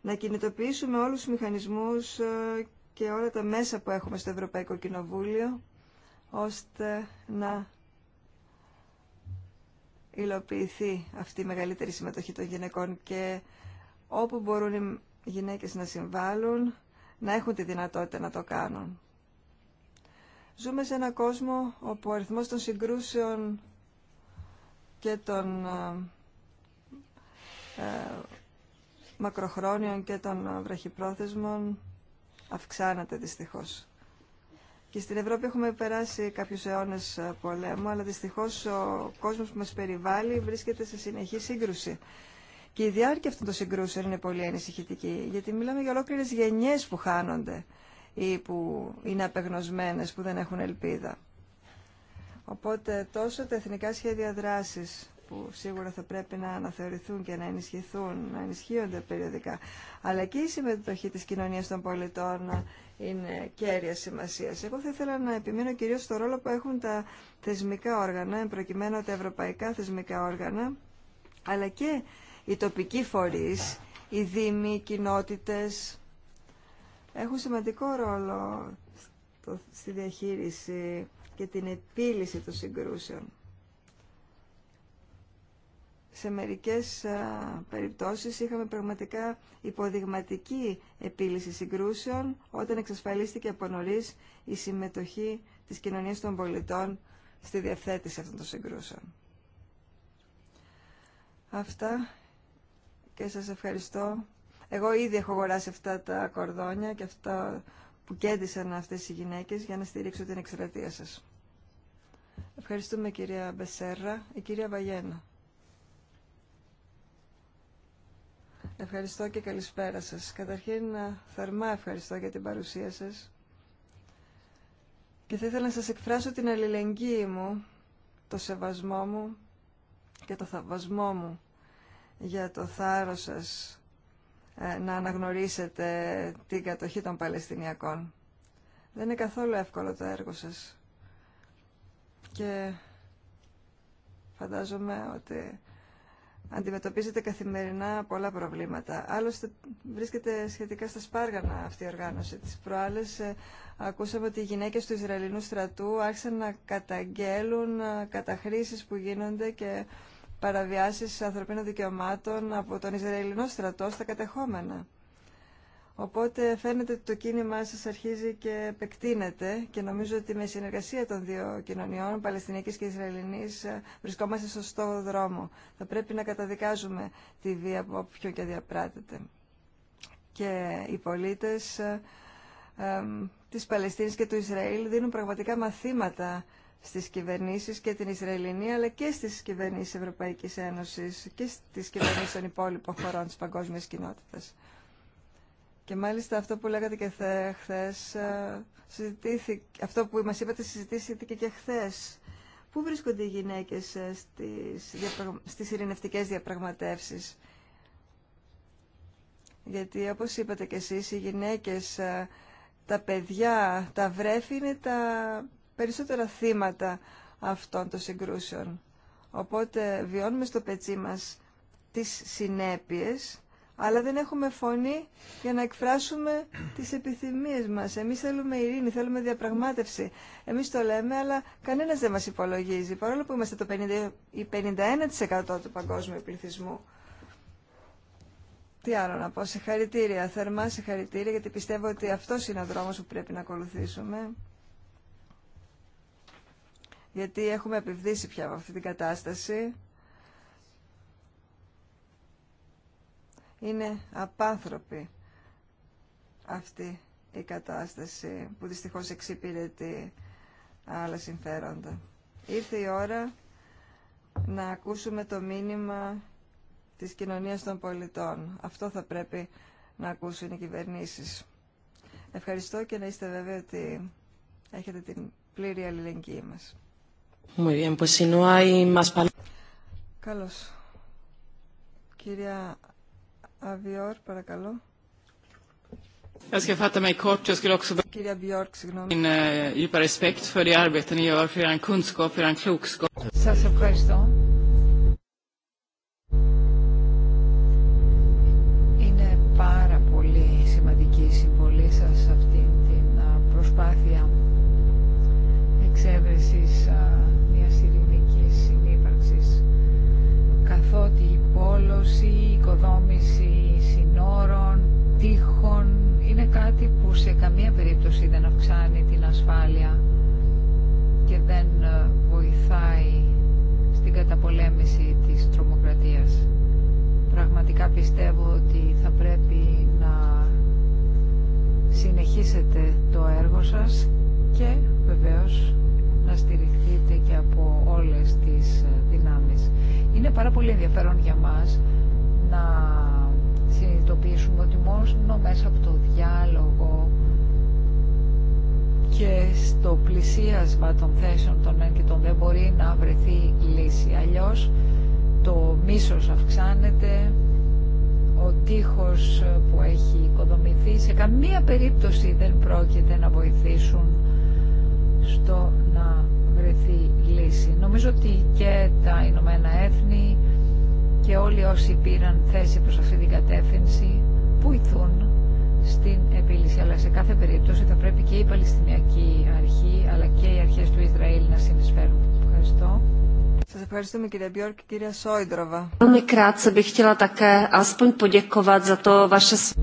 S1: να κινητοποιήσουμε όλους τους μηχανισμούς ε, και όλα τα μέσα που έχουμε στο Ευρωπαϊκό Κοινοβούλιο ώστε να υλοποιηθεί αυτή η μεγαλύτερη συμμετοχή των γυναικών και όπου μπορούν οι γυναίκες να συμβάλλουν, να έχουν τη δυνατότητα να το κάνουν. Ζούμε σε έναν κόσμο όπου ο αριθμός των συγκρούσεων και των ε, ε μακροχρόνιων και των βραχυπρόθεσμων αυξάνεται δυστυχώς. Και στην Ευρώπη έχουμε περάσει κάποιου αιώνε ε, πολέμου, αλλά δυστυχώ ο κόσμο που μα περιβάλλει βρίσκεται σε συνεχή σύγκρουση. Και η διάρκεια αυτών των συγκρούσεων είναι πολύ ανησυχητική, γιατί μιλάμε για ολόκληρε γενιέ που χάνονται ή που είναι απεγνωσμένε, που δεν έχουν ελπίδα. Οπότε τόσο τα εθνικά σχέδια δράση που σίγουρα θα πρέπει να αναθεωρηθούν και να ενισχυθούν, να ενισχύονται περιοδικά. Αλλά και η συμμετοχή της κοινωνίας των πολιτών είναι κέρια σημασίας. Εγώ θα ήθελα να επιμείνω κυρίως στο ρόλο που έχουν τα θεσμικά όργανα, προκειμένου τα ευρωπαϊκά θεσμικά όργανα, αλλά και οι τοπικοί φορείς, οι δήμοι, οι κοινότητες, έχουν σημαντικό ρόλο στη διαχείριση και την επίλυση των συγκρούσεων σε μερικές περιπτώσεις είχαμε πραγματικά υποδειγματική επίλυση συγκρούσεων όταν εξασφαλίστηκε από νωρίς η συμμετοχή της κοινωνίας των πολιτών στη διευθέτηση αυτών των συγκρούσεων. Αυτά και σας ευχαριστώ. Εγώ ήδη έχω αγοράσει αυτά τα κορδόνια και αυτά που κέντησαν αυτές οι γυναίκες για να στηρίξω την εκστρατεία σας. Ευχαριστούμε κυρία Μπεσέρα, η κυρία Βαγένα. Ευχαριστώ και καλησπέρα σας. Καταρχήν, ε, θερμά ευχαριστώ για την παρουσία σας. Και θα ήθελα να σας εκφράσω την αλληλεγγύη μου, το σεβασμό μου και το θαυμασμό μου για το θάρρος σας ε, να αναγνωρίσετε την κατοχή των Παλαιστινιακών. Δεν είναι καθόλου εύκολο το έργο σας. Και φαντάζομαι ότι αντιμετωπίζετε καθημερινά πολλά προβλήματα. Άλλωστε βρίσκεται σχετικά στα σπάργανα αυτή η οργάνωση. Τις προάλλες ε, ακούσαμε ότι οι γυναίκες του Ισραηλινού στρατού άρχισαν να καταγγέλουν ε, καταχρήσεις που γίνονται και παραβιάσεις ανθρωπίνων δικαιωμάτων από τον Ισραηλινό στρατό στα κατεχόμενα. Οπότε φαίνεται ότι το κίνημά σας αρχίζει και επεκτείνεται και νομίζω ότι με συνεργασία των δύο κοινωνιών, Παλαιστινιακής και Ισραηλινής, ε, βρισκόμαστε στο σωστό δρόμο. Θα πρέπει να καταδικάζουμε τη βία από όποιον και διαπράτεται. Και οι πολίτες ε, ε, της Παλαιστίνης και του Ισραήλ δίνουν πραγματικά μαθήματα στις κυβερνήσεις και την Ισραηλινή, αλλά και στις κυβερνήσεις Ευρωπαϊκής Ένωσης και στις κυβερνήσεις των υπόλοιπων χωρών τη παγκόσμια κοινότητα. Και μάλιστα αυτό που λέγατε και χθε, ε, αυτό που μας είπατε συζητήθηκε και χθε. Πού βρίσκονται οι γυναίκες στι ε, ειρηνευτικέ στις διαπραγματεύσεις. Γιατί όπως είπατε και εσείς, οι γυναίκες, ε, τα παιδιά, τα βρέφη είναι τα περισσότερα θύματα αυτών των συγκρούσεων. Οπότε βιώνουμε στο πετσί μας τις συνέπειες αλλά δεν έχουμε φωνή για να εκφράσουμε τις επιθυμίες μας. Εμείς θέλουμε ειρήνη, θέλουμε διαπραγμάτευση. Εμείς το λέμε, αλλά κανένας δεν μας υπολογίζει, παρόλο που είμαστε το 50, η 51% του παγκόσμιου πληθυσμού. Τι άλλο να πω, συγχαρητήρια, θερμά συγχαρητήρια, γιατί πιστεύω ότι αυτός είναι ο δρόμος που πρέπει να ακολουθήσουμε. Γιατί έχουμε επιβδίσει πια από αυτή την κατάσταση. Είναι απάνθρωπη αυτή η κατάσταση που δυστυχώς εξυπηρετεί άλλα συμφέροντα. Ήρθε η ώρα να ακούσουμε το μήνυμα της κοινωνίας των πολιτών. Αυτό θα πρέπει να ακούσουν οι κυβερνήσεις. Ευχαριστώ και να είστε βέβαιοι ότι έχετε την πλήρη αλληλεγγύη μας.
S3: Muy bien, pues si no hay más...
S1: Καλώς. Κυρία Αβιόρ,
S3: Σας ευχαριστώ. Είναι πάρα πολύ σημαντική η συμβολή σας σε αυτήν την ε, προσπάθεια εξέβρεσης ε, που σε καμία περίπτωση δεν αυξάνει την ασφάλεια και δεν ε, βοηθάει στην καταπολέμηση της τρομοκρατίας. Πραγματικά πιστεύω ότι θα πρέπει να συνεχίσετε το έργο σας και βεβαίως να στηριχθείτε και από όλες τις ε, δυνάμεις. Είναι πάρα πολύ ενδιαφέρον για μας να συνειδητοποιήσουμε ότι μόνο μέσα από το διάλογο και στο πλησίασμα των θέσεων των εν και των δεν μπορεί να βρεθεί λύση. Αλλιώς το μίσος αυξάνεται, ο τείχος που έχει οικοδομηθεί σε καμία περίπτωση δεν πρόκειται να βοηθήσουν στο να βρεθεί λύση. Νομίζω ότι και τα Ηνωμένα Έθνη και όλοι όσοι πήραν θέση προς αυτή την κατεύθυνση βοηθούν στην επίλυση. Αλλά σε κάθε περίπτωση θα πρέπει και η Παλαιστινιακή Αρχή αλλά και οι αρχές του Ισραήλ να συνεισφέρουν. Ευχαριστώ. Σας ευχαριστούμε κύριε Μπιόρκ και κυρία Σόιντροβα.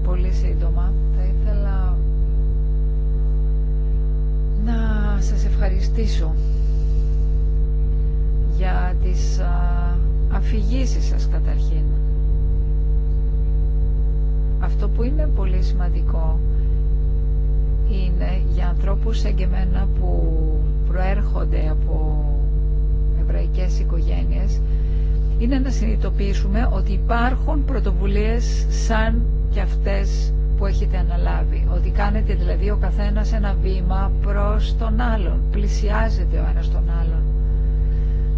S3: Πολύ σύντομα. Θα ήθελα να σας ευχαριστήσω για τις αφηγήσεις σας καταρχήν αυτό που είναι πολύ σημαντικό είναι για ανθρώπους εγκεμένα που προέρχονται από εβραϊκές οικογένειες είναι να συνειδητοποιήσουμε ότι υπάρχουν πρωτοβουλίες σαν και αυτές που έχετε αναλάβει. Ότι κάνετε δηλαδή ο καθένας ένα βήμα προς τον άλλον. Πλησιάζεται ο ένας τον άλλον.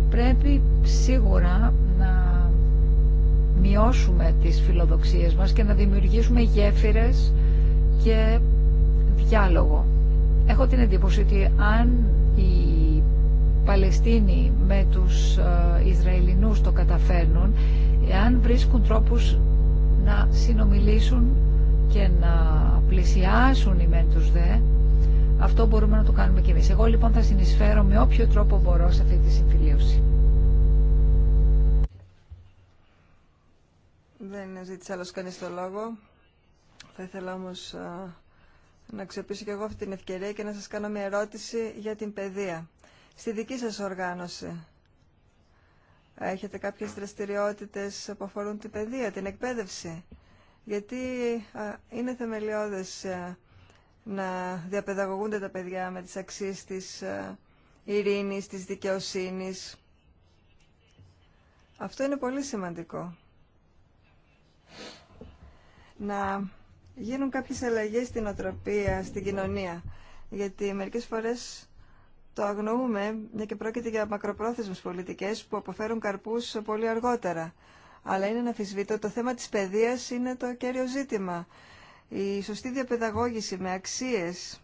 S3: Πρέπει σίγουρα μειώσουμε τις φιλοδοξίες μας και να δημιουργήσουμε γέφυρες και διάλογο. Έχω την εντύπωση ότι αν οι Παλαιστίνοι με τους ε, Ισραηλινούς το καταφέρνουν, εάν βρίσκουν τρόπους να συνομιλήσουν και να πλησιάσουν οι μεν τους δε, αυτό μπορούμε να το κάνουμε και εμείς. Εγώ λοιπόν θα συνεισφέρω με όποιο τρόπο μπορώ σε αυτή τη συμφιλίωση.
S1: Δεν ζήτησε άλλος κανείς το λόγο. Θα ήθελα όμως να αξιοποιήσω και εγώ αυτή την ευκαιρία και να σας κάνω μια ερώτηση για την παιδεία. Στη δική σας οργάνωση έχετε κάποιες δραστηριότητες που αφορούν την παιδεία, την εκπαίδευση. Γιατί είναι θεμελιώδες να διαπαιδαγωγούνται τα παιδιά με τις αξίες της ειρήνης, της δικαιοσύνης. Αυτό είναι πολύ σημαντικό να γίνουν κάποιες αλλαγές στην οτροπία, στην κοινωνία. Γιατί μερικές φορές το αγνοούμε, μια και πρόκειται για μακροπρόθεσμες πολιτικές που αποφέρουν καρπούς πολύ αργότερα. Αλλά είναι ότι το θέμα της παιδείας είναι το κέριο ζήτημα. Η σωστή διαπαιδαγώγηση με αξίες.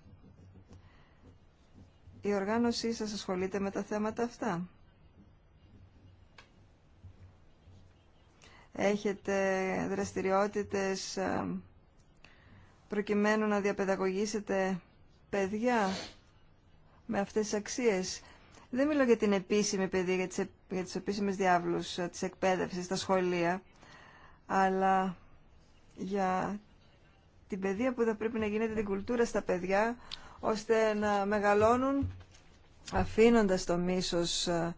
S1: Η οργάνωσή σας ασχολείται με τα θέματα αυτά. έχετε δραστηριότητες ε, προκειμένου να διαπαιδαγωγήσετε παιδιά με αυτές τις αξίες. Δεν μιλώ για την επίσημη παιδεία, για τις, επίσημες διάβλους ε, της εκπαίδευσης στα σχολεία, αλλά για την παιδεία που θα πρέπει να γίνεται την κουλτούρα στα παιδιά, ώστε να μεγαλώνουν αφήνοντας το μίσος ε,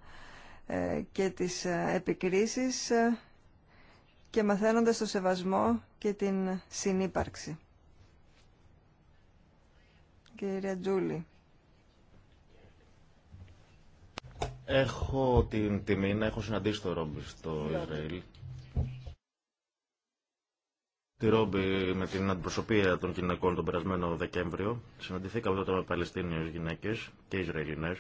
S1: και τις επικρίσεις και μαθαίνοντας το σεβασμό και την συνύπαρξη. Κυρία Τζούλη.
S4: Έχω την τιμή να έχω συναντήσει τον Ρόμπι στο Ισραήλ. Τη Ρόμπι με την αντιπροσωπεία των γυναικών τον περασμένο Δεκέμβριο. Συναντηθήκαμε τότε με Παλαιστίνιες γυναίκες και Ισραηλινές.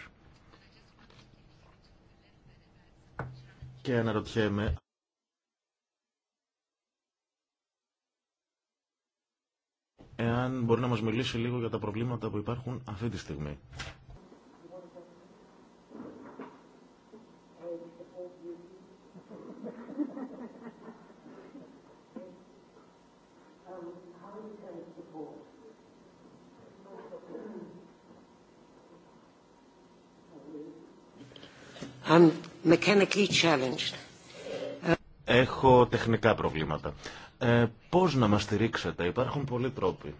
S4: Και αναρωτιέμαι εάν μπορεί να μας μιλήσει λίγο για τα προβλήματα που υπάρχουν αυτή τη στιγμή. Έχω τεχνικά προβλήματα. Ε, πώς να μας στηρίξετε. Υπάρχουν πολλοί τρόποι.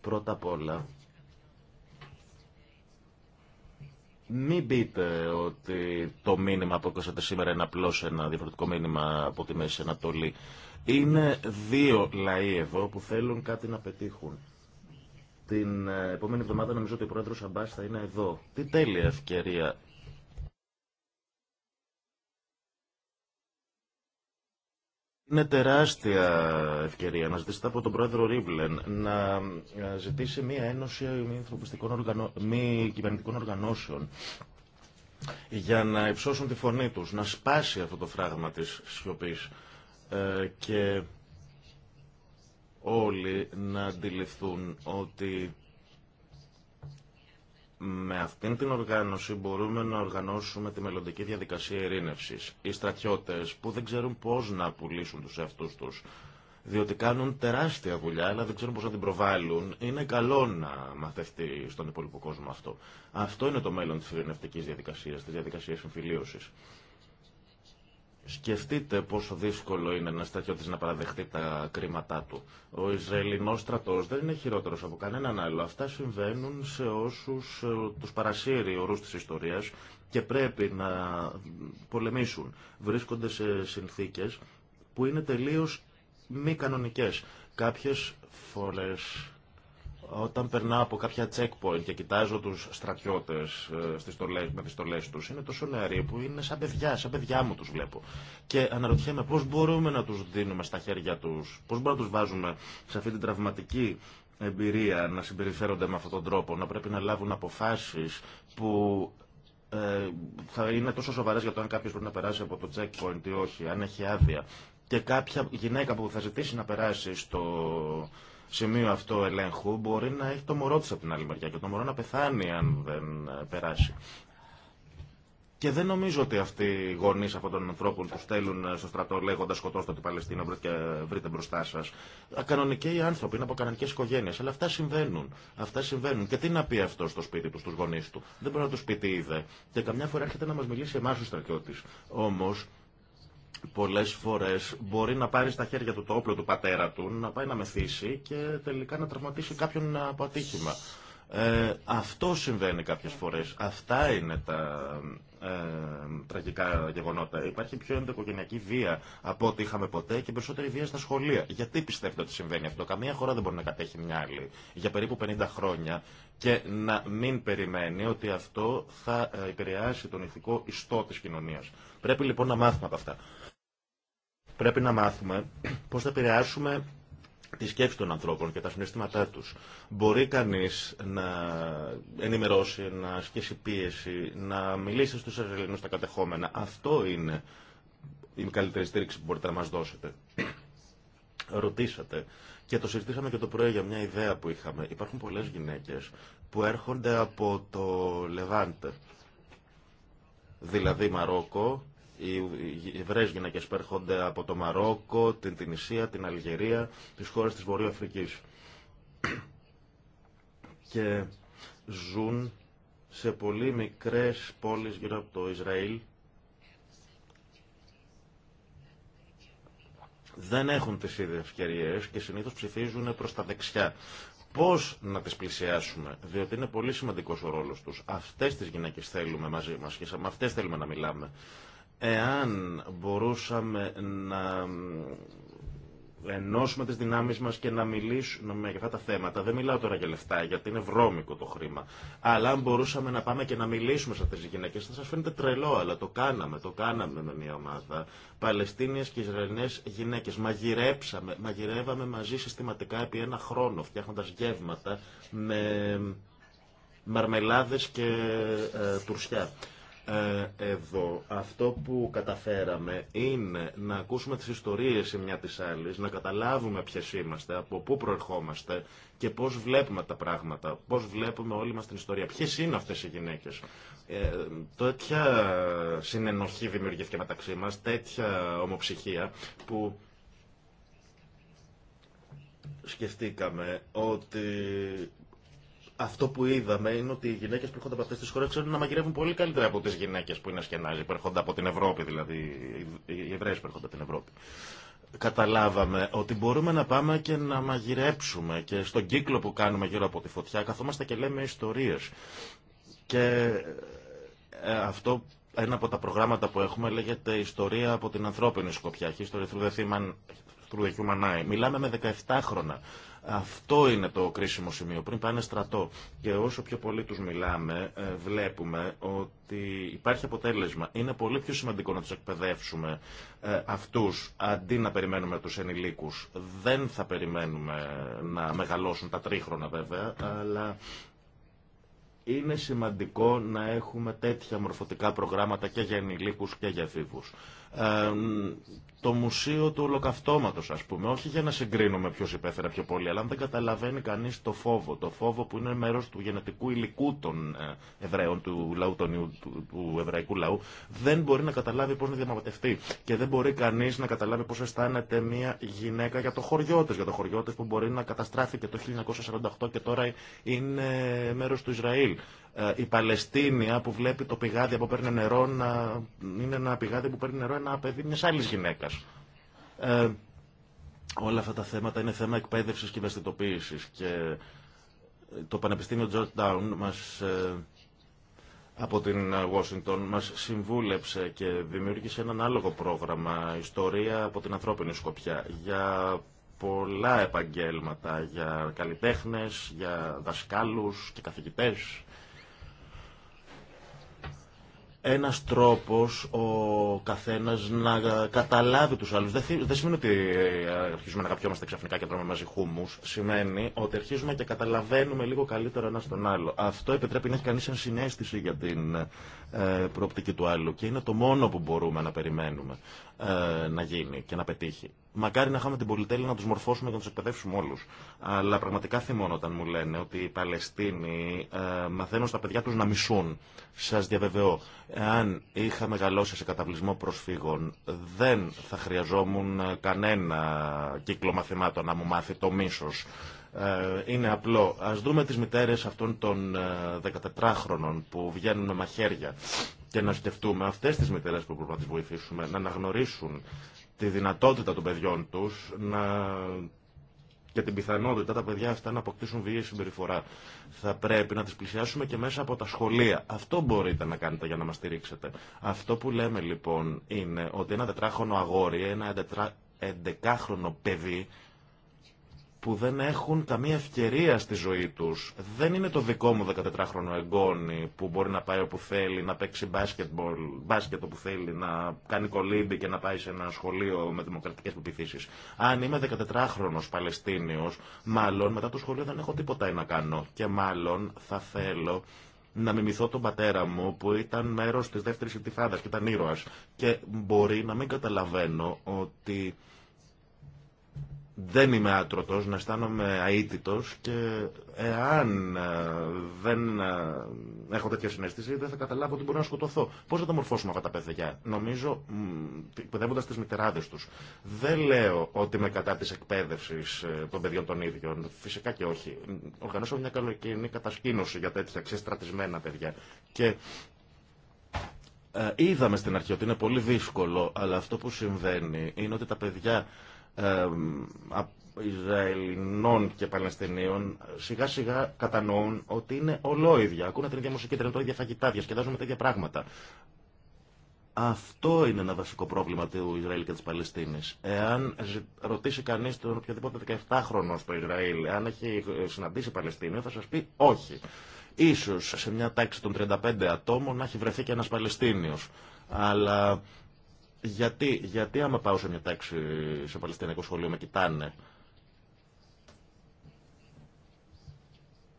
S4: Πρώτα απ' όλα, μην πείτε ότι το μήνυμα που έκανατε σήμερα είναι απλώς ένα διαφορετικό μήνυμα από τη Μέση Ανατολή. Είναι δύο λαοί εδώ που θέλουν κάτι να πετύχουν. Την ε, επόμενη εβδομάδα νομίζω ότι ο πρόεδρος Αμπάς θα είναι εδώ. Τι τέλεια ευκαιρία Είναι τεράστια ευκαιρία να ζητήσετε από τον πρόεδρο Ρίβλεν να ε, ζητήσει μια ένωση μη, οργανω... μη κυβερνητικών οργανώσεων για να υψώσουν τη φωνή τους, να σπάσει αυτό το φράγμα της σιωπής ε, και όλοι να αντιληφθούν ότι με αυτήν την οργάνωση μπορούμε να οργανώσουμε τη μελλοντική διαδικασία ειρήνευση. Οι στρατιώτε που δεν ξέρουν πώ να πουλήσουν του εαυτού του, διότι κάνουν τεράστια δουλειά, αλλά δεν ξέρουν πώ να την προβάλλουν, είναι καλό να μαθευτεί στον υπόλοιπο κόσμο αυτό. Αυτό είναι το μέλλον τη ειρηνευτική διαδικασία, τη διαδικασία συμφιλίωση. Σκεφτείτε πόσο δύσκολο είναι ένα στρατιώτη να παραδεχτεί τα κρίματά του. Ο Ισραηλινό στρατό δεν είναι χειρότερο από κανέναν άλλο. Αυτά συμβαίνουν σε όσου ε, του παρασύρει ορού τη ιστορία και πρέπει να πολεμήσουν. Βρίσκονται σε συνθήκε που είναι τελείω μη κανονικέ. Κάποιε φορέ όταν περνάω από κάποια checkpoint και κοιτάζω τους στρατιώτες ε, στις με τις στολές τους, είναι τόσο νεαροί που είναι σαν παιδιά, σαν παιδιά μου τους βλέπω. Και αναρωτιέμαι πώς μπορούμε να τους δίνουμε στα χέρια τους, πώς μπορούμε να τους βάζουμε σε αυτή την τραυματική εμπειρία να συμπεριφέρονται με αυτόν τον τρόπο, να πρέπει να λάβουν αποφάσεις που ε, θα είναι τόσο σοβαρέ για το αν κάποιο πρέπει να περάσει από το checkpoint ή όχι, αν έχει άδεια. Και κάποια γυναίκα που θα ζητήσει να περάσει στο σημείο αυτό ελέγχου μπορεί να έχει το μωρό τη από την άλλη μεριά και το μωρό να πεθάνει αν δεν ε, περάσει. Και δεν νομίζω ότι αυτοί οι γονεί αυτών των ανθρώπων που στέλνουν ε, στο στρατό λέγοντα σκοτώστε την Παλαιστίνα, ε, βρείτε μπροστά σα. Κανονικοί άνθρωποι είναι από κανονικέ οικογένειε. Αλλά αυτά συμβαίνουν. Αυτά συμβαίνουν. Και τι να πει αυτό στο σπίτι του, στου γονεί του. Δεν μπορεί να του πει τι είδε. Και καμιά φορά έρχεται να μα μιλήσει εμά ο στρατιώτη. Όμω Πολλέ φορέ μπορεί να πάρει στα χέρια του το όπλο του πατέρα του, να πάει να μεθύσει και τελικά να τραυματίσει κάποιον από ατύχημα. Ε, αυτό συμβαίνει κάποιε φορέ. Αυτά είναι τα ε, τραγικά γεγονότα. Υπάρχει πιο ενδοκογενειακή βία από ό,τι είχαμε ποτέ και περισσότερη βία στα σχολεία. Γιατί πιστεύετε ότι συμβαίνει αυτό. Καμία χώρα δεν μπορεί να κατέχει μια άλλη για περίπου 50 χρόνια και να μην περιμένει ότι αυτό θα ε, επηρεάσει τον ηθικό ιστό τη κοινωνία. Πρέπει λοιπόν να μάθουμε από αυτά. Πρέπει να μάθουμε πώς θα επηρεάσουμε τη σκέψη των ανθρώπων και τα συναισθήματά τους. Μπορεί κανείς να ενημερώσει, να ασκήσει πίεση, να μιλήσει στους ελληνούς τα κατεχόμενα. Αυτό είναι η καλύτερη στήριξη που μπορείτε να μας δώσετε. Ρωτήσατε και το συζητήσαμε και το πρωί για μια ιδέα που είχαμε. Υπάρχουν πολλές γυναίκες που έρχονται από το Λεβάντε, δηλαδή Μαρόκο, οι Εβραίες γυναίκες που από το Μαρόκο, την Τινησία, την Αλγερία, τις χώρες της Βορειοαφρικής. Και ζουν σε πολύ μικρές πόλεις γύρω από το Ισραήλ. Δεν έχουν τις ίδιες ευκαιρίε και συνήθως ψηφίζουν προς τα δεξιά. Πώς να τις πλησιάσουμε, διότι είναι πολύ σημαντικός ο ρόλος τους. Αυτές τις γυναίκες θέλουμε μαζί μας και με αυτές θέλουμε να μιλάμε. Εάν μπορούσαμε να ενώσουμε τις δυνάμεις μας και να μιλήσουμε για αυτά τα θέματα. Δεν μιλάω τώρα για λεφτά, γιατί είναι βρώμικο το χρήμα. Αλλά αν μπορούσαμε να πάμε και να μιλήσουμε σε αυτές τις γυναίκες, θα σας φαίνεται τρελό, αλλά το κάναμε, το κάναμε με μια ομάδα. Παλαιστίνιες και Ισραηλινές γυναίκες. Μαγειρέψαμε, μαγειρεύαμε μαζί συστηματικά επί ένα χρόνο, φτιάχνοντας γεύματα με μαρμελάδες και ε, τουρσιά. Ε, εδώ αυτό που καταφέραμε είναι να ακούσουμε τις ιστορίες η μια της άλλης, να καταλάβουμε ποιες είμαστε, από πού προερχόμαστε και πώς βλέπουμε τα πράγματα, πώς βλέπουμε όλη μας την ιστορία, ποιες είναι αυτές οι γυναίκες. Ε, τέτοια συνενοχή δημιουργήθηκε μεταξύ μας, τέτοια ομοψυχία που σκεφτήκαμε ότι αυτό που είδαμε είναι ότι οι γυναίκε που έρχονται από αυτέ τι χώρε ξέρουν να μαγειρεύουν πολύ καλύτερα από τι γυναίκε που είναι σκενάζοι, που έρχονται από την Ευρώπη, δηλαδή οι Εβραίε που έρχονται από την Ευρώπη. Καταλάβαμε ότι μπορούμε να πάμε και να μαγειρέψουμε και στον κύκλο που κάνουμε γύρω από τη φωτιά καθόμαστε και λέμε ιστορίε. Και ε, αυτό ένα από τα προγράμματα που έχουμε λέγεται Ιστορία από την ανθρώπινη σκοπιά. ιστορία through the Μιλάμε με 17 χρόνια αυτό είναι το κρίσιμο σημείο. Πριν πάνε στρατό. Και όσο πιο πολύ τους μιλάμε, ε, βλέπουμε ότι υπάρχει αποτέλεσμα. Είναι πολύ πιο σημαντικό να τους εκπαιδεύσουμε ε, αυτούς αντί να περιμένουμε τους ενηλίκους. Δεν θα περιμένουμε να μεγαλώσουν τα τρίχρονα βέβαια, αλλά είναι σημαντικό να έχουμε τέτοια μορφωτικά προγράμματα και για ενηλίκους και για εφήβους το μουσείο του ολοκαυτώματος ας πούμε, όχι για να συγκρίνουμε ποιος υπέφερε πιο πολύ, αλλά αν δεν καταλαβαίνει κανείς το φόβο, το φόβο που είναι μέρος του γενετικού υλικού των ε, Εβραίων, του, λαού, του, του εβραϊκού λαού, δεν μπορεί να καταλάβει πώς να διαμαρτευτεί και δεν μπορεί κανείς να καταλάβει πώς αισθάνεται μια γυναίκα για το χωριό τη, για το χωριό που μπορεί να καταστράφηκε το 1948 και τώρα είναι μέρος του Ισραήλ. Ε, η Παλαιστίνια που βλέπει το πηγάδι που παίρνει νερό να είναι ένα πηγάδι που παίρνει νερό ένα παιδί μια άλλη γυναίκα. Ε, όλα αυτά τα θέματα είναι θέμα εκπαίδευση και ευαισθητοποίηση. και ε, το Πανεπιστήμιο Georgetown μας από την Washington μα συμβούλεψε και δημιούργησε ένα άλλο πρόγραμμα ιστορία από την ανθρώπινη σκοπιά για πολλά επαγγέλματα, για καλλιτέχνες, για δασκάλους και καθηγητές ένας τρόπος ο καθένας να καταλάβει τους άλλους. Δεν σημαίνει ότι ε, αρχίζουμε να καπιόμαστε ξαφνικά και τρώμε μαζί χούμους. Σημαίνει ότι αρχίζουμε και καταλαβαίνουμε λίγο καλύτερα ένα τον άλλο. Αυτό επιτρέπει να έχει κανείς ενσυναίσθηση συνέστηση για την ε, προοπτική του άλλου και είναι το μόνο που μπορούμε να περιμένουμε ε, να γίνει και να πετύχει. Μακάρι να είχαμε την πολυτέλεια να του μορφώσουμε και να του εκπαιδεύσουμε όλου. Αλλά πραγματικά θυμώνω όταν μου λένε ότι οι Παλαιστίνοι ε, μαθαίνουν στα παιδιά του να μισούν. Σα διαβεβαιώ, εάν είχα μεγαλώσει σε καταβλισμό προσφύγων, δεν θα χρειαζόμουν κανένα κύκλο μαθημάτων να μου μάθει το μίσο. Ε, είναι απλό. Ας δούμε τις μητέρες αυτών των 14χρονων ε, που βγαίνουν με μαχαίρια και να σκεφτούμε αυτές τις μητέρες που μπορούμε να τις βοηθήσουμε να αναγνωρίσουν τη δυνατότητα των παιδιών τους να... και την πιθανότητα τα παιδιά αυτά να αποκτήσουν βίαιη συμπεριφορά. Θα πρέπει να τις πλησιάσουμε και μέσα από τα σχολεία. Αυτό μπορείτε να κάνετε για να μας στηρίξετε. Αυτό που λέμε λοιπόν είναι ότι ένα τετράχρονο αγόρι, ένα εντεκάχρονο παιδί που δεν έχουν καμία ευκαιρία στη ζωή του. Δεν είναι το δικό μου 14χρονο εγγόνι που μπορεί να πάει όπου θέλει, να παίξει μπάσκετ όπου θέλει, να κάνει κολύμπι και να πάει σε ένα σχολείο με δημοκρατικές πεπιθήσει. Αν είμαι 14χρονο Παλαιστίνιο, μάλλον μετά το σχολείο δεν έχω τίποτα να κάνω και μάλλον θα θέλω να μιμηθώ τον πατέρα μου που ήταν μέρο τη δεύτερη ηττιφάδα και ήταν ήρωα. και μπορεί να μην καταλαβαίνω ότι δεν είμαι άτρωτος, να αισθάνομαι αίτητος και εάν ε, δεν ε, έχω τέτοια συνέστηση δεν θα καταλάβω ότι μπορώ να σκοτωθώ. Πώς θα τα μορφώσουμε αυτά τα παιδιά. Νομίζω, παιδεύοντας τις μητεράδες τους, δεν λέω ότι είμαι κατά της εκπαίδευσης ε, των παιδιών των ίδιων. Φυσικά και όχι. Οργανώσαμε μια καλοκαιρινή κατασκήνωση για τέτοια ξεστρατισμένα παιδιά. Και είδαμε στην αρχή ότι είναι πολύ δύσκολο, αλλά αυτό που συμβαίνει είναι ότι τα παιδιά Ισραηλινών και Παλαιστινίων σιγά σιγά κατανοούν ότι είναι ολόιδια. Ακούνε την ίδια μουσική, τρώνε το ίδια φαγητά, διασκεδάζουν τα ίδια πράγματα. Αυτό είναι ένα βασικό πρόβλημα του Ισραήλ και τη Παλαιστίνη. Εάν ρωτήσει κανεί τον οποιοδήποτε 17χρονο στο Ισραήλ, αν έχει ε, συναντήσει Παλαιστίνιο, θα σα πει όχι. Ίσως σε μια τάξη των 35 ατόμων να έχει βρεθεί και ένα Παλαιστίνιο. Αλλά γιατί, γιατί άμα πάω σε μια τάξη σε Παλαιστινιακό σχολείο με κοιτάνε.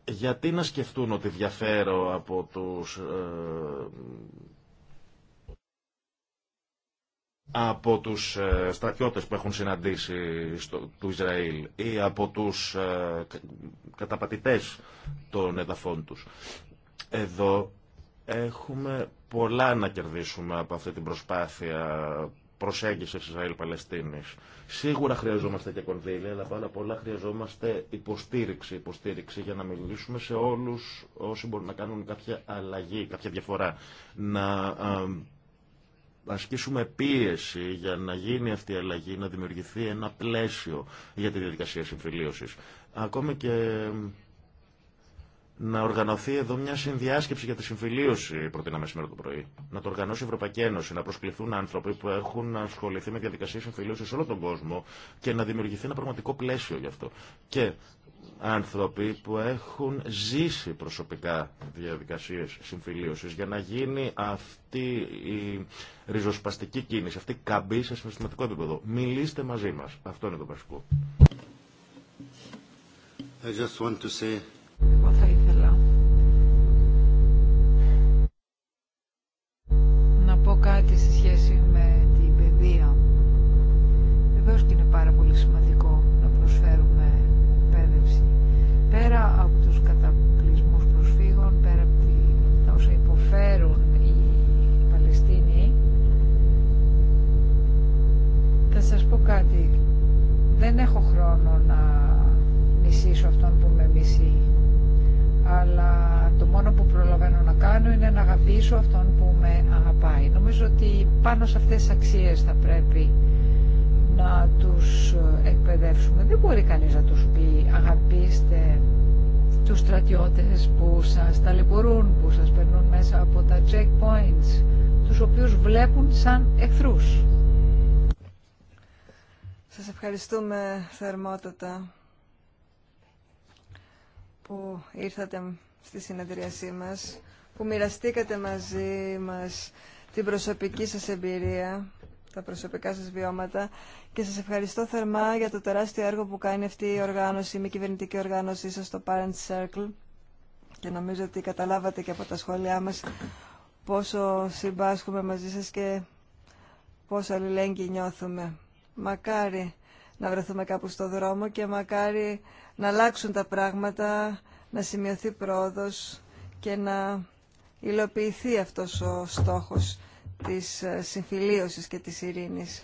S4: Γιατί να σκεφτούν ότι διαφέρω από τους... Ε, από τους ε, στρατιώτες που έχουν συναντήσει του Ισραήλ ή από τους ε, καταπατητές των εδαφών τους. Εδώ Έχουμε πολλά να κερδίσουμε από αυτή την προσπαθεια προσεγγισης προσέγγιση Ισραήλ-Παλαιστίνης. Σίγουρα χρειαζόμαστε και κονδύλια, αλλά πάρα πολλά χρειαζόμαστε υποστήριξη, υποστήριξη για να μιλήσουμε σε όλους όσοι μπορούν να κάνουν κάποια αλλαγή, κάποια διαφορά. Να ασκήσουμε πίεση για να γίνει αυτή η αλλαγή, να δημιουργηθεί ένα πλαίσιο για τη διαδικασία συμφιλίωσης. Ακόμα και να οργανωθεί εδώ μια συνδιάσκεψη για τη συμφιλίωση, προτείναμε σήμερα το πρωί. Να το οργανώσει η Ευρωπαϊκή Ένωση, να προσκληθούν άνθρωποι που έχουν ασχοληθεί με διαδικασίε συμφιλίωση σε όλο τον κόσμο και να δημιουργηθεί ένα πραγματικό πλαίσιο γι' αυτό. Και άνθρωποι που έχουν ζήσει προσωπικά διαδικασίες συμφιλίωσης για να γίνει αυτή η ριζοσπαστική κίνηση, αυτή η καμπή σε συναισθηματικό επίπεδο. Μιλήστε μαζί μας. Αυτό είναι το βασικό. I just want to say
S3: κανείς να τους πει αγαπήστε τους στρατιώτες που σας ταλαιπωρούν, που σας περνούν μέσα από τα checkpoints, τους οποίους βλέπουν σαν εχθρούς.
S1: Σας ευχαριστούμε θερμότατα που ήρθατε στη συνεδρίασή μας, που μοιραστήκατε μαζί μας την προσωπική σας εμπειρία τα προσωπικά σας βιώματα και σας ευχαριστώ θερμά για το τεράστιο έργο που κάνει αυτή η οργάνωση, η μη κυβερνητική οργάνωσή σας, το Parent Circle και νομίζω ότι καταλάβατε και από τα σχόλιά μας πόσο συμπάσχουμε μαζί σας και πόσο αλληλέγγυοι νιώθουμε. Μακάρι να βρεθούμε κάπου στο δρόμο και μακάρι να αλλάξουν τα πράγματα, να σημειωθεί πρόοδος και να υλοποιηθεί αυτός ο στόχος της ε, συμφιλίωσης και της ειρήνης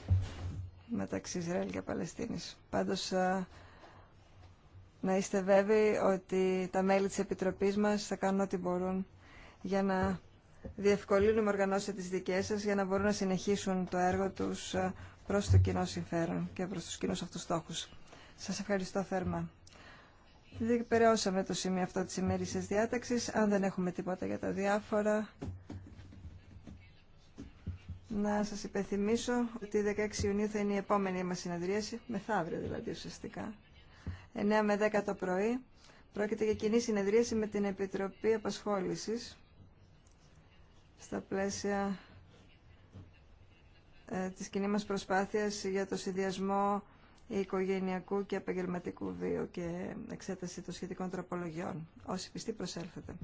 S1: μεταξύ Ισραήλ και Παλαιστίνης. Πάντως, ε, να είστε βέβαιοι ότι τα μέλη της Επιτροπής μας θα κάνουν ό,τι μπορούν για να διευκολύνουμε οργανώσεις τις δικές σας για να μπορούν να συνεχίσουν το έργο τους ε, προς το κοινό συμφέρον και προς τους κοινούς αυτούς στόχους. Σας ευχαριστώ θερμά. περαιώσαμε το σημείο αυτό της ημέρησης διάταξης. Αν δεν έχουμε τίποτα για τα διάφορα, να σας υπενθυμίσω ότι 16 Ιουνίου θα είναι η επόμενη μας συνεδρίαση, μεθαύριο δηλαδή ουσιαστικά. 9 με 10 το πρωί πρόκειται για κοινή συνεδρίαση με την Επιτροπή Απασχόλησης στα πλαίσια ε, της κοινή μας προσπάθειας για το συνδυασμό οικογενειακού και επαγγελματικού βίου και εξέταση των σχετικών τροπολογιών. Όσοι πιστοί προσέλθετε.